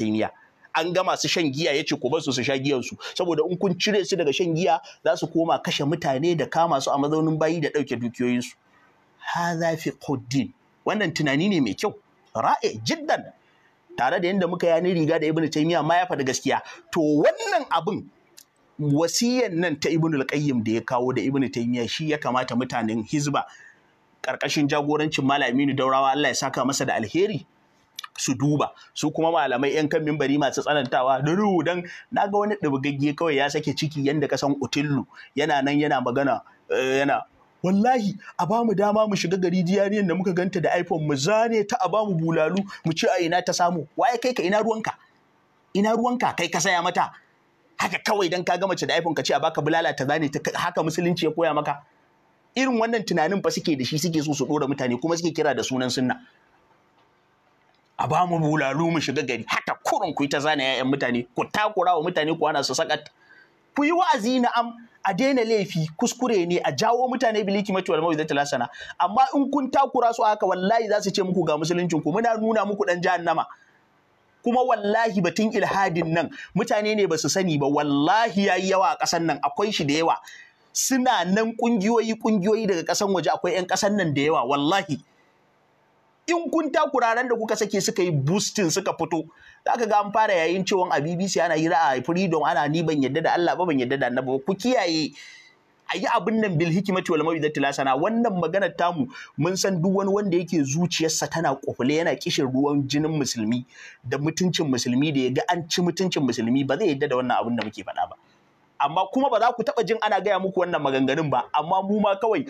an gama su shan giya ya ce ku bar su su sha giyan su saboda in kun cire su daga shan giya za su koma kashe mutane da kama su a mazaunin bayi da ɗauke dukiyoyinsu hadha fi quddin wannan tunani ne mai kyau ra'e jiddan tare da yadda muka yani riga da ibnu taymiya ma ya faɗi gaskiya to wannan abin wasiyan nan ta ibnu al da ya kawo da ibnu taymiya shi ya kamata mutanen hizba karkashin jagorancin malaminu daurawa Allah ya saka masa da alheri su duba su kuma malamai yan kan mimbari masu tsanantawa da rudan naga wani dubgagge kawai ya sake ciki yanda kasan utillu yana nan yana magana eh, yana wallahi a ba mu dama mu shiga gari jiyariyar da muka ganta da iphone mu zane ta a ba mu bulalu mu ce a ina ta samu waye kai ka ina ruwanka ina ruwanka kai ka saya mata haka kawai dan ka gama ce da iphone ka ce a baka bulala ta zane ta haka musulunci ya koya maka irin wannan tunanin fa suke da shi suke so su dora mutane kuma suke kira da sunan sunna a ba mu bulalu mu shiga gari haka kurun ku ta zane 'ya'yan mutane ku takura wa mutane ku ana su sakat ku yi wa'azi na'am a daina laifi kuskure ne a jawo mutane biliki mati da mawidati lasana amma in kun takura su haka wallahi za su ce muku ga musuluncin ku muna nuna muku dan jahannama kuma wallahi batun ilhadin nan mutane ne ba su sani ba wallahi yayi yawa a ƙasar nan akwai shi da yawa suna nan ƙungiyoyi-ƙungiyoyi daga ƙasan waje akwai 'yan ƙasan nan da yawa wallahi in kun takuraren da kuka sake suka yi bustin suka fito za ka ga an fara yayin cewa a BBC ana hira a freedom ana ni ban yadda da Allah ba ban yadda da annabi ku kiyaye a yi abin nan bil hikimati wal mawidati lasana wannan magana tamu mun san duk wani wanda yake zuciyarsa tana kofule yana kishin ruwan jinin musulmi da mutuncin musulmi da ya ga an ci mutuncin musulmi ba zai yadda da wannan abin da muke faɗa ba amma kuma ba za ku taɓa jin ana gaya muku wannan maganganun ba amma mu ma kawai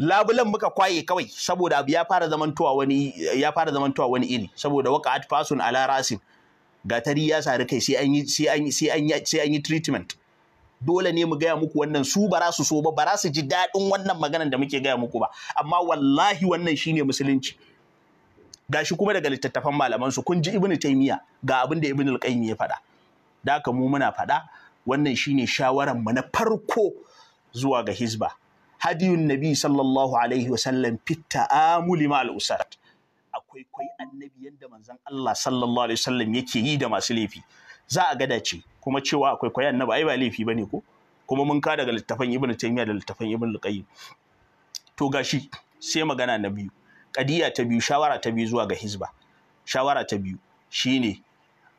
labulan muka kwaye kawai saboda abu ya fara tuwa wani ya fara tuwa wani iri saboda at fasun ala rasin gatari ya sari kai sai an yi sai an sai an sai an yi treatment dole ne mu gaya muku wannan su ba su so ba ba su ji daɗin wannan maganar da muke gaya muku ba amma wallahi wannan shine musulunci gashi kuma daga littattafan malaman su kun ji ibnu taymiya ga abin da ibnu alqayyim ya faɗa da mu muna faɗa wannan shine shawaran mu na farko zuwa ga hizba hadiyun nabi sallallahu alaihi wasallam fitta amuli ma al'usat akwai kwai annabi yadda manzon Allah sallallahu alaihi wasallam yake yi da masu laifi za a gada ce kuma cewa akwai kwai annabi ai ba laifi bane ko kuma mun ka daga littafin ibnu taymiya da littafin ibnu qayyim to gashi sai magana na biyu kadiya ta biyu shawara ta biyu zuwa ga hizba shawara ta biyu shine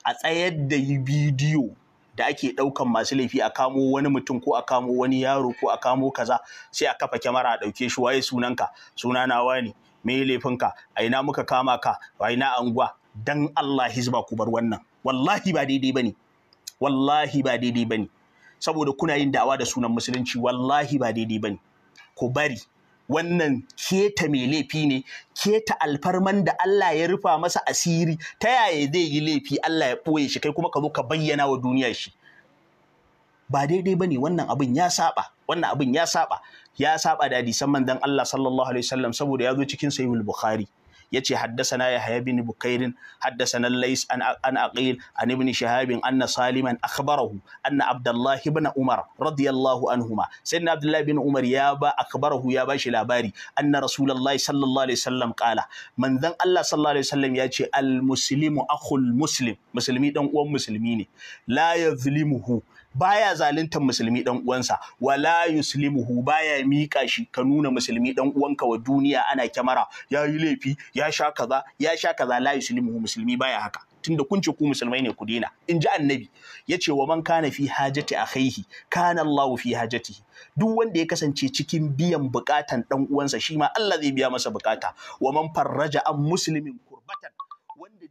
a tsayar da bidiyo da ake ɗaukan masu laifi a kamo wani mutum ko a kamo wani yaro ko a kamo kaza sai a kafa kyamara a ɗauke shi waye sunanka suna nawa ne me laifinka a ina muka kama ka a ina anguwa dan Allah hizba ku bar wannan wallahi ba daidai bane wallahi ba daidai bane saboda kuna yin da'awa da sunan musulunci wallahi ba daidai bane ku bari wannan keta mai laifi ne keta alfarman da Allah ya rufa masa asiri ta yaya zai yi laifi Allah ya ɓoye shi kai kuma ka zo ka bayyana wa duniya shi ba daidai ba ne wannan abin ya saba wannan abin ya saba ya saba da hadisan manzon Allah sallallahu alaihi wasallam saboda ya zo cikin sahihul bukhari Ya yace haddathana yahya bin bukairin haddathana lays an an aqil an ibn shahab anna saliman akhbarahu anna abdullah ibn umar radiyallahu anhuma sayyidina Abdullahi bin umar ya ba akhbarahu ya bashi labari anna rasulullahi sallallahu alaihi wasallam qala manzon allah sallallahu alaihi wasallam ce al muslimu akhul muslim musulmi dan uwan musulmi ne la yazlimuhu baya zaluntar musulmi dan uwansa wala yuslimuhu baya mika shi ka nuna musulmi dan uwanka wa duniya ana kyamara ya yi laifi ya sha kaza ya sha kaza la yuslimuhu musulmi baya haka tunda kun ce ku musulmai ne ku dina. in ji annabi ya ce wa man kana fi hajati akhihi kana Allahu fi hajatihi duk wanda ya kasance cikin biyan bukatan dan uwansa shi ma Allah zai biya masa bukata wa man farraja an muslimin kurbatan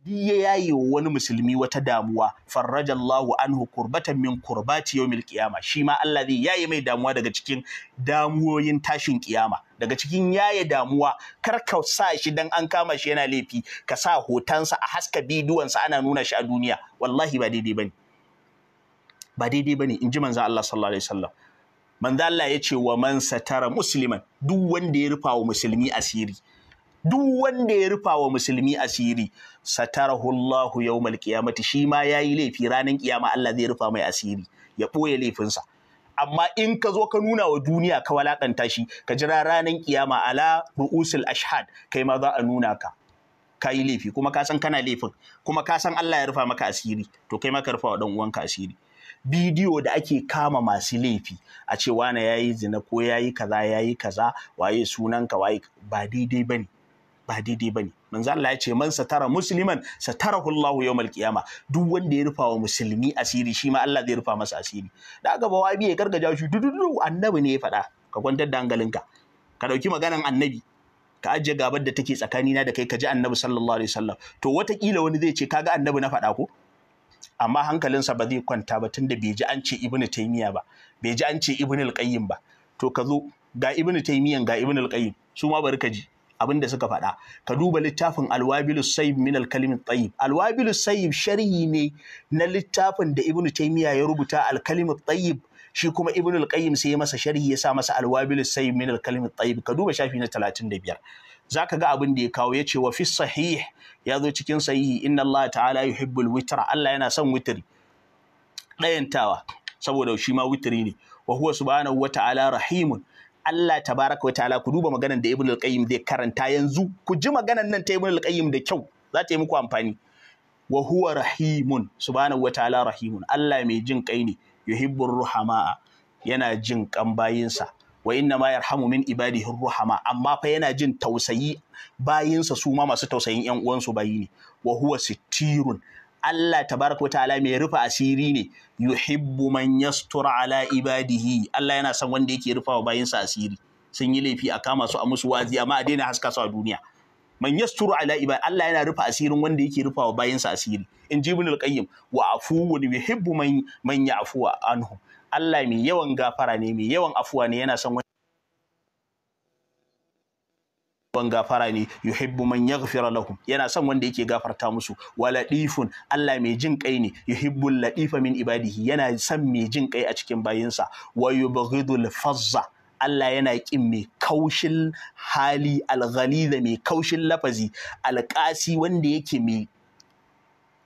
duk ya yaye wa wani musulmi wata damuwa farrajallahu anhu kurbatan min kurbati yawmil qiyama shi ma Allah zai yaye mai damuwa daga cikin damuwoyin tashin kiyama daga cikin yaye damuwa kar ka sa shi dan an kama shi yana laifi ka sa hotonsa a haska bidiyonsa ana nuna shi a duniya wallahi ba daidai bane ba daidai bane in ji manzo Allah sallallahu alaihi wasallam manzo Allah ya ce wa man satara musliman duk wanda ya rufa wa musulmi asiri duk wanda ya rufa wa musulmi asiri satarahullahu yawmal qiyamati shi ma yayi laifi ranar kiyama Allah zai rufa mai asiri ya ɓoye laifinsa amma in ka zo ka nuna wa duniya ka walakanta shi ka jira ranar kiyama ala ru'usul ashhad kai ma za a nuna ka ka laifi kuma ka san kana laifin kuma ka san Allah ya rufa maka asiri to kai ma ka rufa wa dan uwanka asiri bidiyo da ake kama masu laifi a ce wane yayi zina ko yayi kaza yayi kaza waye sunanka waye ba daidai bane ba daidai ba ne manzo Allah ya ce man satara musliman satarahu Allah yawmal qiyama duk wanda ya rufa wa musulmi asiri shi ma Allah zai rufa masa asiri da aka bawa biye gargaja shi dududu annabi ne ya faɗa ka kwantar da hankalinka ka ɗauki maganan annabi ka ajiye gabar da take tsakanina da kai ka ji annabi sallallahu alaihi wasallam to watakila wani zai ce kaga annabi na faɗa ko amma hankalinsa ba zai kwanta ba tunda bai ji an ce ibnu taymiya ba bai ji an ce ibnu al ba to ka zo ga ibnu taymiyan ga ibnu al su ma bari ka ji abin da suka faɗa ka duba littafin alwabilus sayyib min alkalimin tayyib alwabilus sayyib sharhi ne na littafin da ibnu taymiya ya rubuta alkalimin tayyib shi kuma ibn al sai ya masa sharhi ya sa masa alwabilus sayyid min al tayyib ka duba shafi na 35 zaka ga abin da ya kawo yace wa fi sahih ya zo cikin sahihi inna Allah ta'ala yuhibbul wutar. Allah yana son witri dayantawa saboda shi ma witri ne wa huwa subhanahu wa ta'ala rahimun Allah tabaraka wa ta'ala ku duba maganar da Ibn al-Qayyim zai karanta yanzu ku ji maganar nan ta Ibn al-Qayyim da kyau za ta yi muku amfani wa huwa rahimun subhanahu wa ta'ala rahimun Allah mai jin kai ne yuhibbur ruhama'a yana jin kan bayinsa wa inna ma yarhamu min ibadihi ruhama amma fa yana jin tausayi bayinsa su ma masu tausayin yan uwansu bayi ne wa huwa sittirun Allah tabaraka ta'ala mai rufa asiri ne yuhibbu man yastura ala ibadihi Allah yana son wanda yake rufa wa bayinsa asiri sun yi laifi a kama su a musu wazi amma a daina haska su a duniya man yasturu ala ibadi Allah yana rufa asirin wanda yake rufa wa bayinsa asiri in ji ibn al-qayyim wa afuwu yuhibbu man man ya'fuwa anhu Allah mai yawan gafara ne mai yawan afuwa ne yana son ban gafara ne yuhibbu man yaghfira lahum yana son wanda yake gafarta musu wa latifun Allah mai jin kai ne yuhibbul latifa min ibadihi yana son mai jin kai a cikin bayinsa wa yubghidul fazza Allah yana ƙin mai kaushin hali alghaliza mai kaushin lafazi alƙasi wanda yake mai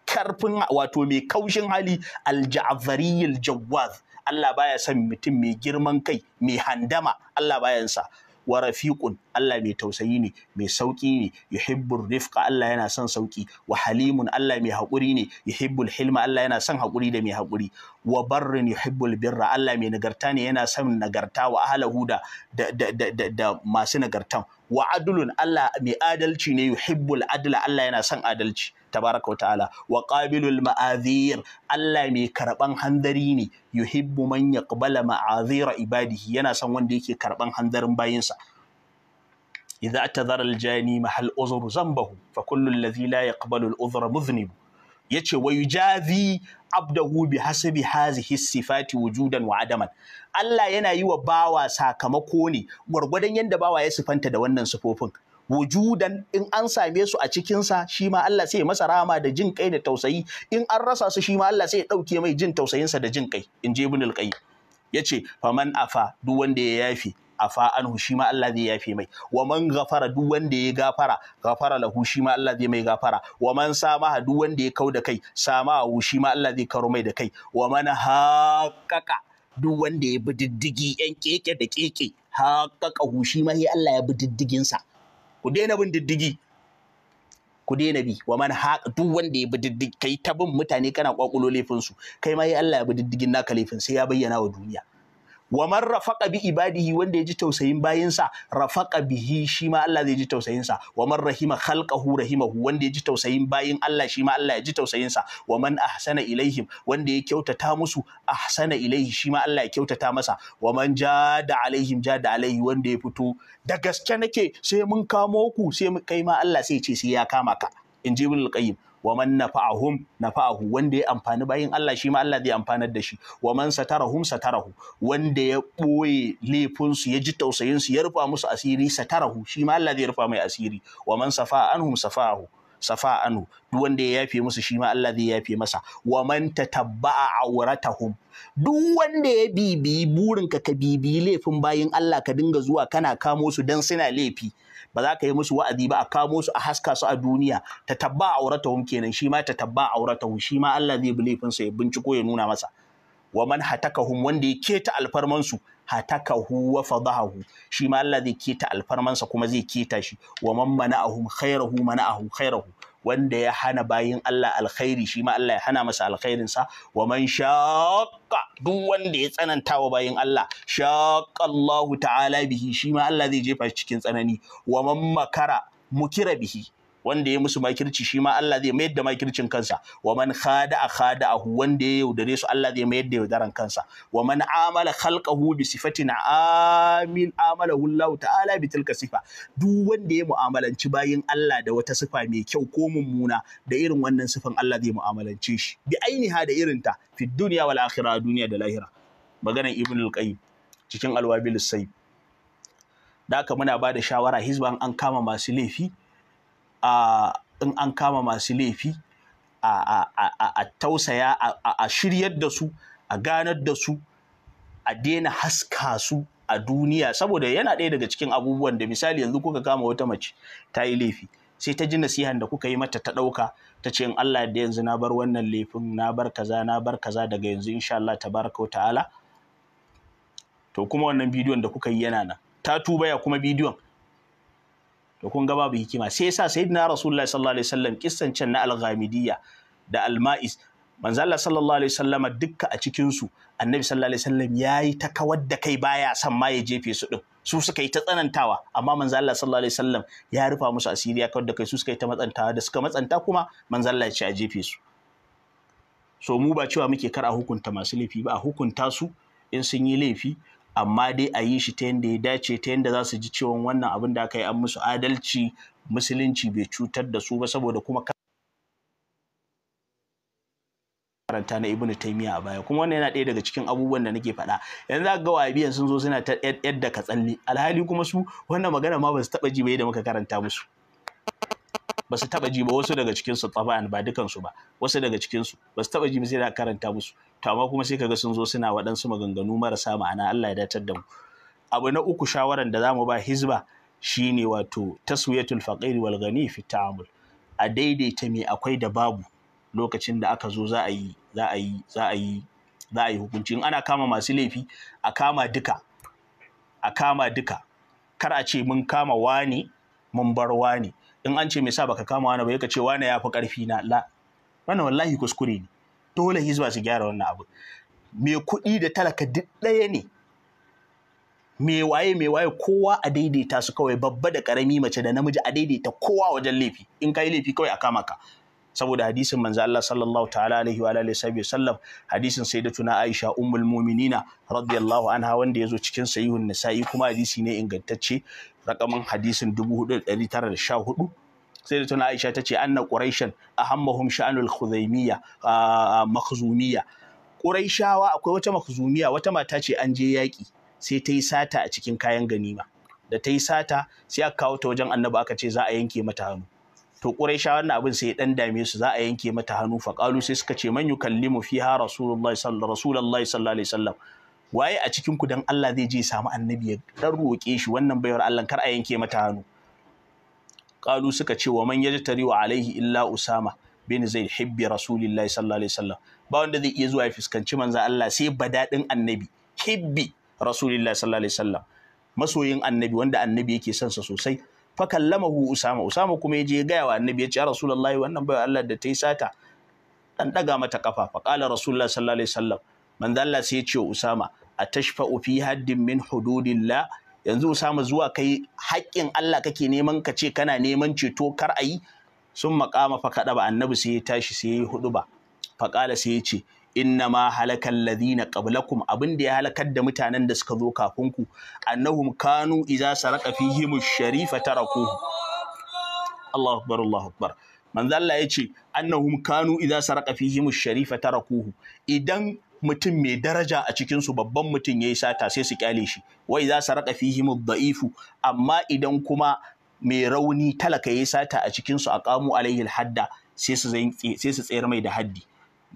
karfin wato mai kaushin hali alja'fariyil jawwaz Allah baya son mutum mai girman kai mai handama Allah bayansa wa rafiqun Allah mai tausayi ne mai sauƙi ne yuhibbur rifƙa, Allah yana son sauƙi. wa halimun Allah mai haƙuri ne yuhibbul hilma Allah yana son haƙuri da mai haƙuri Wabarrin, barrin yuhibbul birra Allah mai nagarta ne yana son nagarta wa ahlahu da masu nagartan wa adulun Allah mai adalci ne yuhibbul adla Allah yana son adalci tabaraka wa ta'ala wa qabilul ma'azir Allah mai karban handari ne yuhibbu man yaqbala ma'azira ibadihi yana son wanda yake karban handarin bayinsa idza atadhara aljani mahal uzru zambahu fa kullu alladhi la yaqbalu al'uzra mudhnib yace wa yujazi abdahu bi hasabi hazihi sifati wujudan wa adaman Allah yana yi wa bawa sakamako ne gwargwadon yanda bawa ya sifanta da wannan sifofin wujudan in an same su a cikinsa shi ma Allah sai masa rama da jin kai da tausayi in an rasa su shi ma Allah sai ya ɗauke mai jin tausayinsa da jin kai in je ibn al-qayyim yace faman afa duk wanda ya yafi afa anhu shi ma Allah zai yafe mai wa man ghafara duk wanda ya gafara ghafara lahu shi ma Allah zai mai gafara wa man samaha duk wanda ya kau da kai samahu shi ma Allah zai karo mai da kai wa man haqqaqa duk wanda ya bi diddigi yan keke da keke haqqaqa hu shi ma Allah ya bi diddigin sa ku daina bin diddigi ku daina bi wa man haqa duk wanda ya bi diddigi kai ta bin mutane kana kwakulo laifin su kai ma ya Allah ya bi diddigin naka laifin sai ya bayyana wa duniya Waman man rafaqa bi ibadihi wanda ya ji tausayin bayinsa rafaqa bihi shi ma Allah zai ji tausayinsa wa man rahima khalqahu rahimahu wanda ya ji tausayin bayin Allah shi ma Allah ya ji tausayinsa Waman man ahsana ilaihim wanda ya kyautata musu ahsana ilaihi shi ma Allah ya kyautata masa waman man jada alaihim jada alaihi wanda ya fito da gaske nake sai mun kamo ku sai kai ma Allah sai ce sai ya kama ka in ji ibn al-qayyim wa man nafa'ahum nafa'ahu wanda ya amfani bayin Allah shi ma Allah zai amfanar da shi wa man satarahum satarahu wanda ya boye laifinsu, ya ji tausayin su ya rufa musu asiri satarahu shi ma Allah zai rufa mai asiri wa man safa'a anhum safa'ahu duk wanda ya yafe musu shi ma Allah zai yafe masa wa man tatabba'a awratahum duk wanda ya bibi burinka ka bibi laifin bayin Allah ka dinga zuwa kana kamo su dan suna laifi ba za ka yi musu wa'azi ba a kamo su a haska su a duniya ta tabba auratahum kenan shi ma ta tabba auratahum shi ma Allah zai bi laifin sa ya binciko ya nuna masa wa man hatakahum wanda ya keta alfarman su hatakahu wa fadahu shi ma Allah zai keta alfarman sa kuma zai keta shi wa man mana'ahum khairahu mana'ahu khairahu wanda ya hana bayin Allah alkhairi shi ma Allah ya hana masa alkhairinsa wa man shaqqa duk wanda ya tsananta wa bayin Allah shaqqa ta'ala bihi shi ma Allah zai jefa shi cikin tsanani wa man makara mukira bihi wanda ya musu makirci shi ma Allah zai mayar da makircin kansa wa man khada khada'ahu wanda ya yaudare su Allah zai mayar da yaudaran kansa wa man amala khalqahu bi sifatin amin amala Allah ta'ala bi tilka sifa duk wanda ya mu'amalanci bayin Allah da wata sifa mai kyau ko mummuna da irin wannan sifan Allah zai mu'amalance shi bi ainiha da irinta fi duniya wal akhirah duniya da lahira maganar ibn al cikin alwabil sayyid da haka muna ba da shawara hizban an kama masu laifi in an kama masu laifi a tausaya a shiryar da su a ganar da su a daina haska su a duniya saboda yana ɗaya daga cikin abubuwan da misali yanzu kuka kama wata mace ta yi laifi sai ta ji nasihan da kuka yi mata ta ɗauka ta ce in Allah da yanzu na bar wannan laifin na bar kaza na bar kaza daga yanzu insha Allah tabaraka wa ta'ala to kuma wannan bidiyon da kuka yi yana nan ta tuba ya kuma bidiyon da kun ga babu hikima sai yasa sayyidina rasulullahi sallallahu alaihi wasallam kissan can na al-ghamidiyya da al-ma'is manzo Allah sallallahu alaihi wasallama dukka a cikin su annabi sallallahu alaihi wasallam yayi ta kawar da kai baya san ma ya jefe su din su suka yi ta tsanantawa amma manzo Allah sallallahu alaihi wasallam ya rufa musu asiri ya kawar da kai su suka yi ta matsantawa da suka matsanta kuma manzo Allah ya ce a jefe su so mu ba cewa muke kar a hukunta masu laifi ba a hukunta su in sun yi laifi amma dai a yi shi ta yadda ya dace ta yadda za su ji cewa wannan abin da aka yi an musu adalci musulunci bai cutar da su ba saboda kuma karanta na ibnu taimiya a baya kuma wannan yana ɗaya daga cikin abubuwan da nake faɗa yanzu ga biyan sun zo suna ta yadda ka tsalle alhali kuma su wannan magana ma ba su taɓa ji ba da muka karanta musu ba su taba ji ba wasu daga cikin su ba dukan su ba wasu daga cikin su ba su taba ji ba sai da karanta musu to amma kuma sai kaga sun zo suna waɗansu maganganu marasa ma'ana Allah ya datar da mu abu na uku shawaran da zamu ba hizba shine wato taswiyatul faqir wal ghani fi ta'amul a daidaita me akwai da babu lokacin da aka zo za a yi za a yi za a yi za a yi hukunci in ana kama masu laifi a kama duka a kama duka kar a ce mun kama wani mun bar wani in an ce me sa baka kama wani ba yaka ce wani ya fi karfi na la wannan wallahi kuskure ne dole hizba su gyara wannan abu me kuɗi da talaka duk ɗaya ne me waye me waye kowa a daidaita su kawai babba da karami mace da namiji a daidaita kowa wajen laifi in ka yi laifi kawai a kama ka saboda hadisin manzo Allah sallallahu ta'ala alaihi wa alihi sallam, hadisin sayyidatuna Aisha ummul mu'minina radiyallahu anha wanda yazo cikin sahihun nisa'i kuma hadisi ne ingantacce rakamin hadisin 4914 sayyidatuna Aisha tace anna quraishan ahammahum sha'anul khuzaimiyya makhzumiyya quraishawa akwai wata makhzumiyya wata mata ce an je yaki sai ta yi sata a cikin kayan ganima da ta yi sata sai aka kawo ta wajen annabi aka ce za a yanke mata hannu to quraisha wannan abin sai ɗan dame su za a yanke mata hannu fa Ƙalu sai suka ce man yukallimu fiha rasulullahi rasulullahi sallallahu alaihi wasallam waye a cikin ku dan Allah zai je samu annabi ya dan roƙe shi wannan bayar Allah kar a yanke mata hannu Ƙalu suka ce wa man yajtari wa alaihi illa usama bin zaid hibbi rasulillahi sallallahu alaihi wasallam ba wanda zai iya zuwa ya fuskanci manza Allah sai badadin annabi hibbi rasulillahi sallallahu alaihi wasallam masoyin annabi wanda annabi yake son sa sosai fa usama usama kuma yaje ya gaya wa annabi ya ce ya rasulullahi wannan bai Allah da ta yi sata dan daga mata kafa fa qala rasulullahi sallallahu alaihi wasallam manzo Allah sai ya ce usama atashfa'u fi haddin min hududillah yanzu usama zuwa kai haƙƙin Allah kake neman ka ce kana neman ceto kar ayi sun maƙama fa kaɗa ba annabi sai ya tashi sai ya yi hudu ba faƙala sai yace. inna ma halakal ladina qablakum abin da ya halakar da mutanen da suka zo kafin ku annahum kanu idza saraka fihim sharifa tarakuhu Allahu akbar Allahu akbar manzo Allah yace annahum kanu idza saraka fihim sharifa tarakuhu idan mutum mai daraja a cikin su babban mutum yayi sata sai su kyale shi wai idza saraka fihim da'ifu amma idan kuma mai rauni talaka yayi sata a cikin su aqamu alaihi hadda sai su sai su tsayar mai da haddi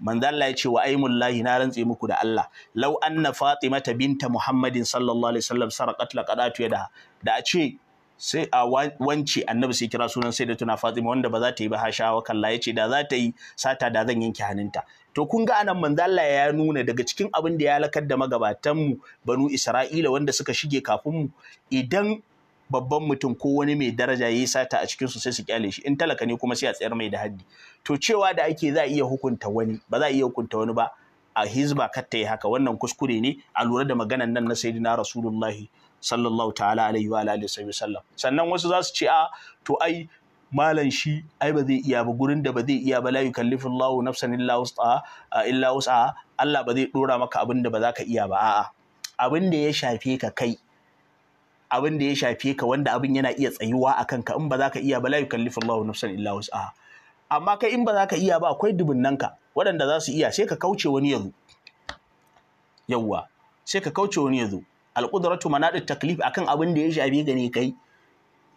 manzo Allah ya ce wa aimullahi na rantse muku da Allah law anna fatimata binta muhammadin sallallahu alaihi wasallam sarqat laqadatu yadaha da a ce sai a wance annabi sai kira sunan sai da tuna fatima wanda ba za ta yi ba hasha wa kalla ya ce da za ta yi sata da zan yanke hannunta to kun ga anan manzo Allah ya nuna daga cikin abin da ya lakar da magabatanmu banu Isra'ila wanda suka shige kafin mu idan babban mutum ko wani mai daraja ya yi sata a cikin sai su kyale shi in talaka ne kuma sai a tsayar mai da haddi to cewa da ake za a iya hukunta wani ba za a iya hukunta wani ba a hizba kar ta yi haka wannan kuskure ne a lura da maganan nan na sayyidina rasulullahi sallallahu ta'ala alaihi wa alihi sallam sannan wasu za su ce a to ai malan shi ai ba zai iya ba gurin da ba zai iya ba la yukallifullahu nafsan illa wus'a illa wus'a Allah ba zai dora maka abin da ba za ka iya ba a'a abin da ya shafe ka kai abin da ya shafe ka wanda abin yana iya tsayuwa a kanka in ba za ka iya ba la yukallifu Allahu nafsan illa wus'aha amma kai in ba za ka iya ba akwai dubunnanka waɗanda za su iya sai ka kauce wani yanzu yawwa sai ka kauce wani yazo alqudratu manadit taklif akan abin da ya shafe ga ne kai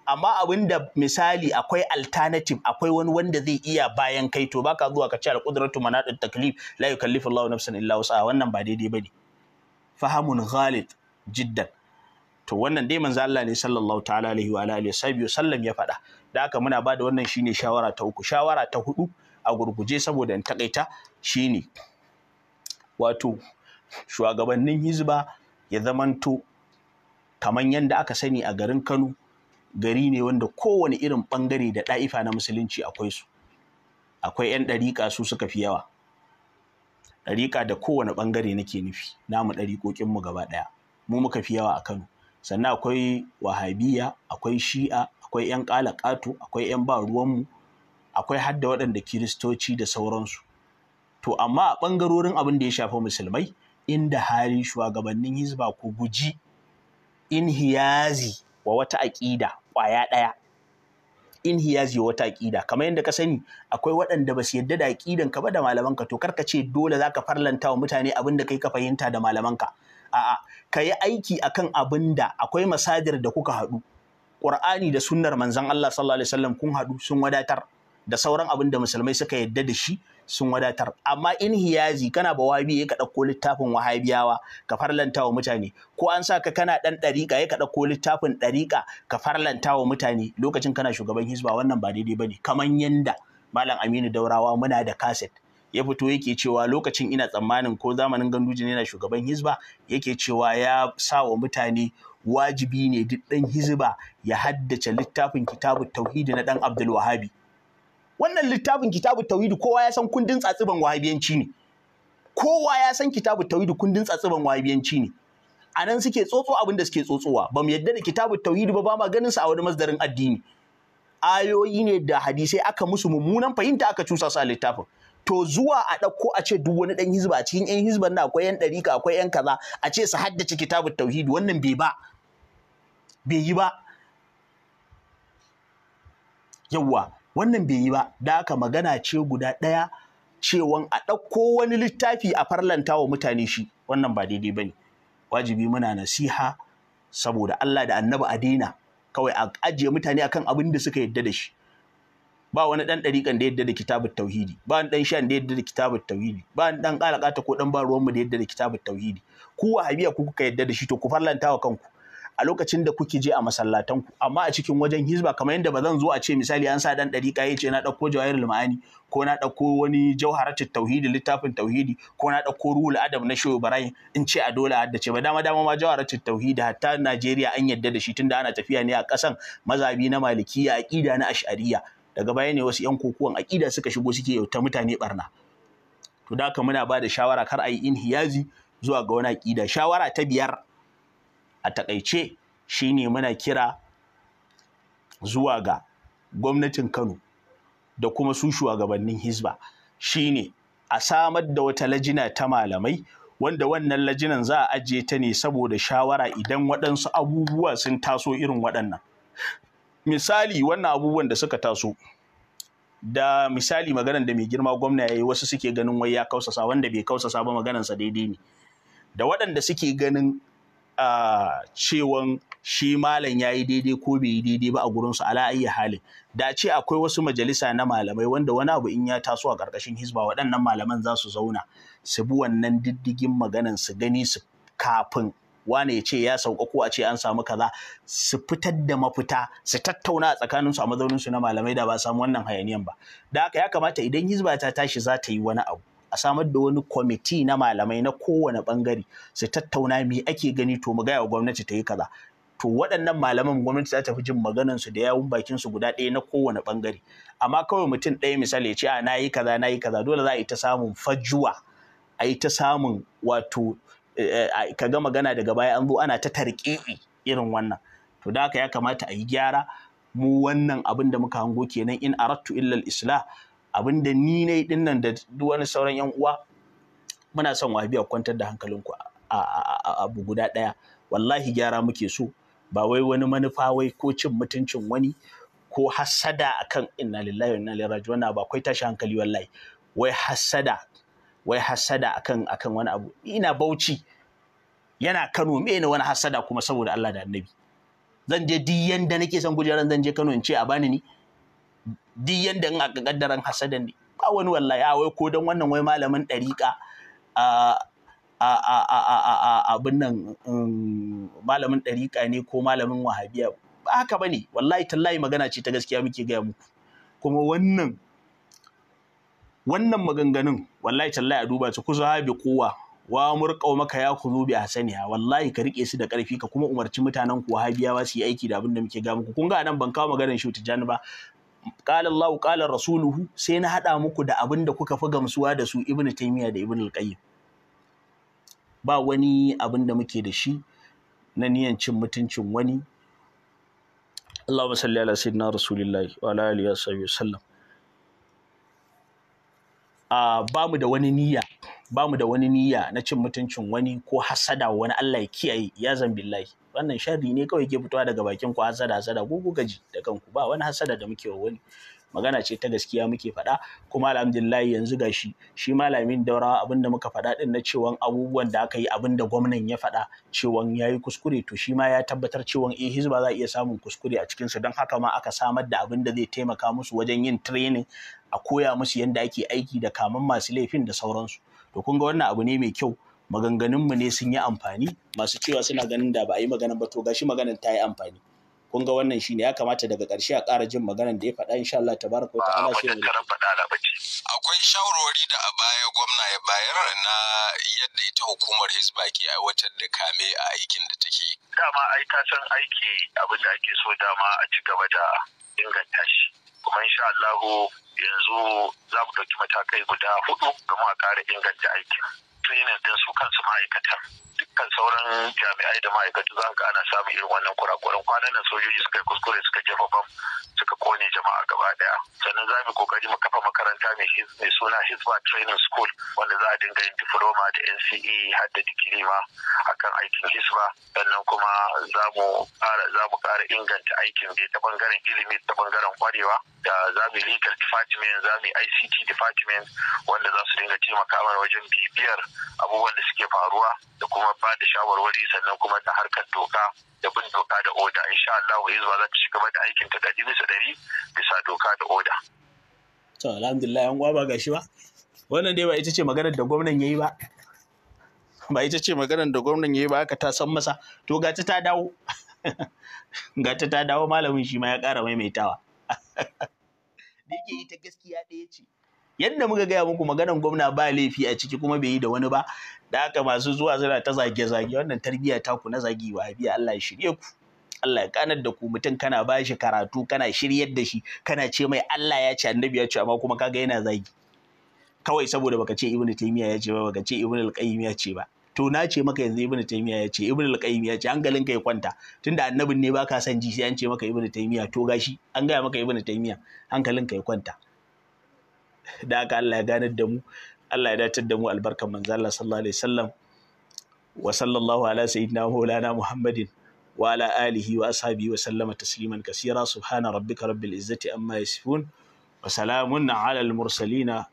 amma abin da misali akwai alternative akwai wani wanda zai iya bayan kai to baka zuwa ka ce alqudratu manadit taklif la yukallifu Allahu nafsan illa wus'aha wannan ba daidai ba ne. fahamun ghalid jiddan to wannan dai manzo Allah ne sallallahu ta'ala alaihi wa alihi sabiyu sallam ya faɗa da haka muna bada wannan shine shawara ta uku shawara ta hudu a gurguje saboda in takaita shine wato shugabannin hizba ya zamanto kamar yadda aka sani a garin Kano gari ne wanda kowane irin bangare da ɗa'ifa na musulunci akwai su akwai 'yan ɗariƙa su suka fi yawa ɗariƙa da kowane bangare nake nufi namu ɗariƙoƙinmu gaba ɗaya mu muka fi yawa a Kano sannan akwai wahabiyya, akwai shi'a akwai 'yan ƙalaƙato akwai 'yan ba ruwanmu akwai hadda waɗanda kiristoci da sauransu to amma a ɓangarorin abin da ya shafi musulmai inda hali shugabannin hizba ku guji inhiyazi wa wata aƙida ƙwaya ɗaya hiyazi wa wata aƙida kamar yadda ka sani akwai waɗanda ba su yarda da aƙidan ka ba da malamanka to karka ce dole za ka farlanta wa mutane abin da kai ka fahimta da malamanka a'a ka yi aiki a kan abin da akwai masadir da kuka haɗu ƙur'ani da sunnar manzon Allah sallallahu alaihi wasallam kun haɗu sun wadatar da sauran abin da musulmai suka yadda da shi sun wadatar amma in hiyazi kana bawabi ya ka ɗauko littafin wahabiyawa ka farlantawa mutane ko an sa ka kana ɗan ɗariƙa ya ka ɗauko littafin ɗariƙa ka farlantawa mutane lokacin kana shugaban hisba, wannan ba daidai ba ne kamar yanda Malam Aminu Daurawa muna da kaset ya fito yake cewa lokacin ina tsammanin ko zamanin ganduje yana shugaban hizba yake cewa ya sa wa mutane wajibi ne duk ɗan hizba ya haddace littafin kitabu tauhidi na ɗan abdul wahabi wannan littafin kitabu tauhidi kowa ya san kundin tsatsiban wahabiyanci ne kowa ya san kitabu tauhidi kundin tsatsiban wahabiyanci ne a nan suke tsotso abin da suke tsotsowa ba mu yadda da kitabu tauhidi ba ba ma ganin sa a wani masdarin addini ayoyi ne da hadisai aka musu mummunan fahimta aka cusa su a littafin to zuwa a ɗauko a ce duk wani ɗan hizba a cikin 'yan hizban da akwai 'yan ɗarika akwai 'yan kaza a ce su haddace kitabun tauhidi wannan bai ba bai yi ba yawwa wannan bai yi ba da aka magana ce guda ɗaya cewan a ɗauko wani littafi a farlanta wa mutane shi wannan ba daidai ba ne wajibi muna nasiha saboda Allah da annabi a daina kawai a ajiye mutane akan abin da suka yadda da shi ba wani dan dariƙan da yadda da kitabut tauhidi ba wani dan shan da yadda da kitabut tauhidi ba wani dan kalakata ko dan ba ruwanmu da yadda da kitabut tauhidi ku wahabiya ku kuka yadda da shi to ku farlanta wa kanku a lokacin da kuke je a masallatan ku amma a cikin wajen hizba kamar yadda ba zan zo a ce misali an sa dan dariƙa ce na ɗauko jawahir ma'ani ko na ɗauko wani jauharatun tauhidi littafin tauhidi ko na ɗauko ruhul adam na shehu ibrahim in ce a dole ce ba dama dama ma jawharatut tauhidi hatta Najeriya an yadda da shi tunda ana tafiya ne a ƙasan mazabi na malikiya aqida na ash'ariya daga baya ne wasu yan kokuwan aƙida suka shigo suke yauta mutane barna to da haka muna ba da shawara kar a yi inhiyazi zuwa ga wani aƙida shawara ta biyar a taƙaice shine muna kira zuwa ga gwamnatin Kano da kuma su shugabannin Hizba shine a samar da wata lajina ta malamai wanda wannan lajinan za a ajiye ta ne saboda shawara idan waɗansu abubuwa sun taso irin waɗannan misali wannan abubuwan da suka taso da misali maganan da mai girma gwamna ya yi wasu suke ganin wai ya kausasa wanda bai kausasa ba maganarsa daidai ne da waɗanda suke ganin a cewan shi malam ya yi daidai ko bai yi daidai ba a gurinsu ala ayyi halin da ce akwai wasu majalisa na malamai wanda wani abu in ya taso a ƙarƙashin hisba waɗannan malaman za su zauna su bi wannan diddigin maganan su gani su kafin wane ya ce ya sauka ko a ce an samu kaza su fitar da mafita su tattauna a tsakanin su a mazaunin su na malamai da ba samu wannan hayaniyan ba da haka ya kamata idan hizba ta tashi za ta yi wani abu a samar da wani kwamiti na malamai na kowane bangare su tattauna me ake gani to mu gaya wa gwamnati ta yi kaza to waɗannan malaman gwamnati za ta fi jin maganan su da yawun bakin su guda ɗaya na kowane bangare amma kawai mutum ɗaya misali ya ce a na yi kaza na yi kaza dole za a yi ta samun fajuwa a yi ta samun wato Eh, eh, ka ga magana daga baya an zo ana ta tarƙi'i irin wannan to da haka ya kamata a yi gyara mu wannan abin da muka hango kenan in arattu illa islah abin da ni ne din nan da duk wani sauran yan uwa muna son wa biya kwantar da hankalinku a abu guda ɗaya wallahi gyara muke so ba wai wani manufa wai ko cin mutuncin wani ko hasada akan inna lillahi wa inna ilaihi raji'un ba akwai tashi hankali wallahi wai hasada. wai hasada akan akan wani abu ina bauchi yana Kano me ne wani hasada kuma saboda Allah da Annabi zan je duk yanda nake son gujeran zan je Kano in ce a bani ni duk yanda in aka kaddaran hasadan ne ba wani wallahi a wai ko dan wannan wai malamin dariqa a a a a a abin nan um, malamin dariqa ne ko malamin wahabiya ba haka bane wallahi tallahi magana ce ta gaskiya muke gaya muku kuma wannan wannan maganganun wallahi tallahi a duba su kusa bi kowa wa murƙau maka ya kuzo bi hasaniya wallahi ka rike su da ƙarfi ka kuma umarci mutanen ku wahabiyawa su yi aiki da abin da muke ga muku kun ga nan ban kawo maganar shi tijani ba qala Allahu qala rasuluhu sai na hada muku da abin da kuka fi gamsuwa da su ibnu taymiya da ibnu al-qayyim ba wani abin da muke da shi na niyan cin mutuncin wani Allahumma salli ala sayyidina rasulillahi wa ala alihi wa sallam ba mu da wani niyya ba mu da wani niyya na cin mutuncin wani ko hasada wani Allah ya kiyaye ya zambillahi wannan sharri ne kawai ke fitowa daga bakin ku hasada hasada ku gaji da kanku ba wani hasada da muke wa wani magana ce ta gaskiya muke faɗa kuma alhamdulillah yanzu gashi shi malamin daura abin da muka faɗa din na cewan abubuwan da aka yi abin da gwamnan ya faɗa cewa ya yi kuskure to shi ma ya tabbatar cewan eh hizba za a iya samun kuskure a cikinsu don haka ma aka samar da abin da zai taimaka musu wajen yin training a koya musu yadda ake aiki da kaman masu laifin da sauransu to kun ga wannan abu ne mai kyau maganganunmu ne sun yi amfani masu cewa suna ganin da ba a yi magana ba to gashi maganan ta yi amfani kun ga wannan shine ya kamata daga ƙarshe a ƙara jin maganar da ya faɗa insha Allah tabaraka wa ta'ala shi ne akwai shawarwari da a baya gwamna ya bayar na yadda ita hukumar Hisba ke aiwatar da kame a aikin da take dama ai ta san aiki abin da ake so dama a ci gaba da inganta shi kuma insha Allah yanzu za mu ɗauki matakai guda hudu don a ƙara inganta aikin training din su kansu ma'aikatan kan sauran jami'ai da ma'aikatu za ka ana samun irin wannan kurakuran kwanan nan sojoji suka yi kuskure suka jefa bam suka kone jama'a gaba daya sannan za mu kokari mu kafa makaranta mai suna hisba training school wanda za a dinga yin diploma da nce har da digiri ma akan aikin hisba sannan kuma za mu kara inganta aikin da ta bangaren ilimi ta bangaren kwarewa da za mu legal department za mu ICT department wanda za su dinga taimaka mana wajen bibiyar abubuwan da suke faruwa da kuma ba da shawarwari sannan kuma ta harkar doka da bin doka da oda insha Allah ba za ta ci gaba da aikin ta dadi bisa ɗari bisa doka da oda. To alhamdulillah yan ba gashi ba wannan dai ba ita ce maganar da gwamnan yayi ba ba ita ce maganar da gwamnan yayi ba aka ta san masa to gata ta dawo (laughs) gata ta dawo malamin shi ma ya ƙara maimaitawa. (laughs) da yake ita gaskiya ɗaya ce yadda muka gaya muku maganan gwamna ba laifi a ciki kuma bai yi da wani ba da haka masu zuwa suna ta zage-zage wannan tarbiyya ta ku na zage wa biya Allah ya shirye ku Allah ya kanar da ku mutum kana ba shi karatu kana shiryar da shi kana ce mai Allah ya ce annabi ya ce amma kuma kaga yana zagi kawai saboda baka ce ibnu taymiya ya ce ba baka ce ibnu alqayyim ya ce ba to na ce maka yanzu ibnu taymiya ya ce ibnu al ya ce hankalin ka ya kwanta tunda annabin ne baka san ji sai an ce maka ibnu taymiya to gashi an gaya maka ibnu taymiya hankalin ka ya kwanta da haka Allah ya ganar da mu Allah ya datar da mu albarkan manzo Allah sallallahu alaihi wasallam wa sallallahu ala sayyidina maulana muhammadin wa ala alihi wa ashabihi wa sallama tasliman kaseera subhana rabbika rabbil izzati amma yasifun wa salamun ala al mursalina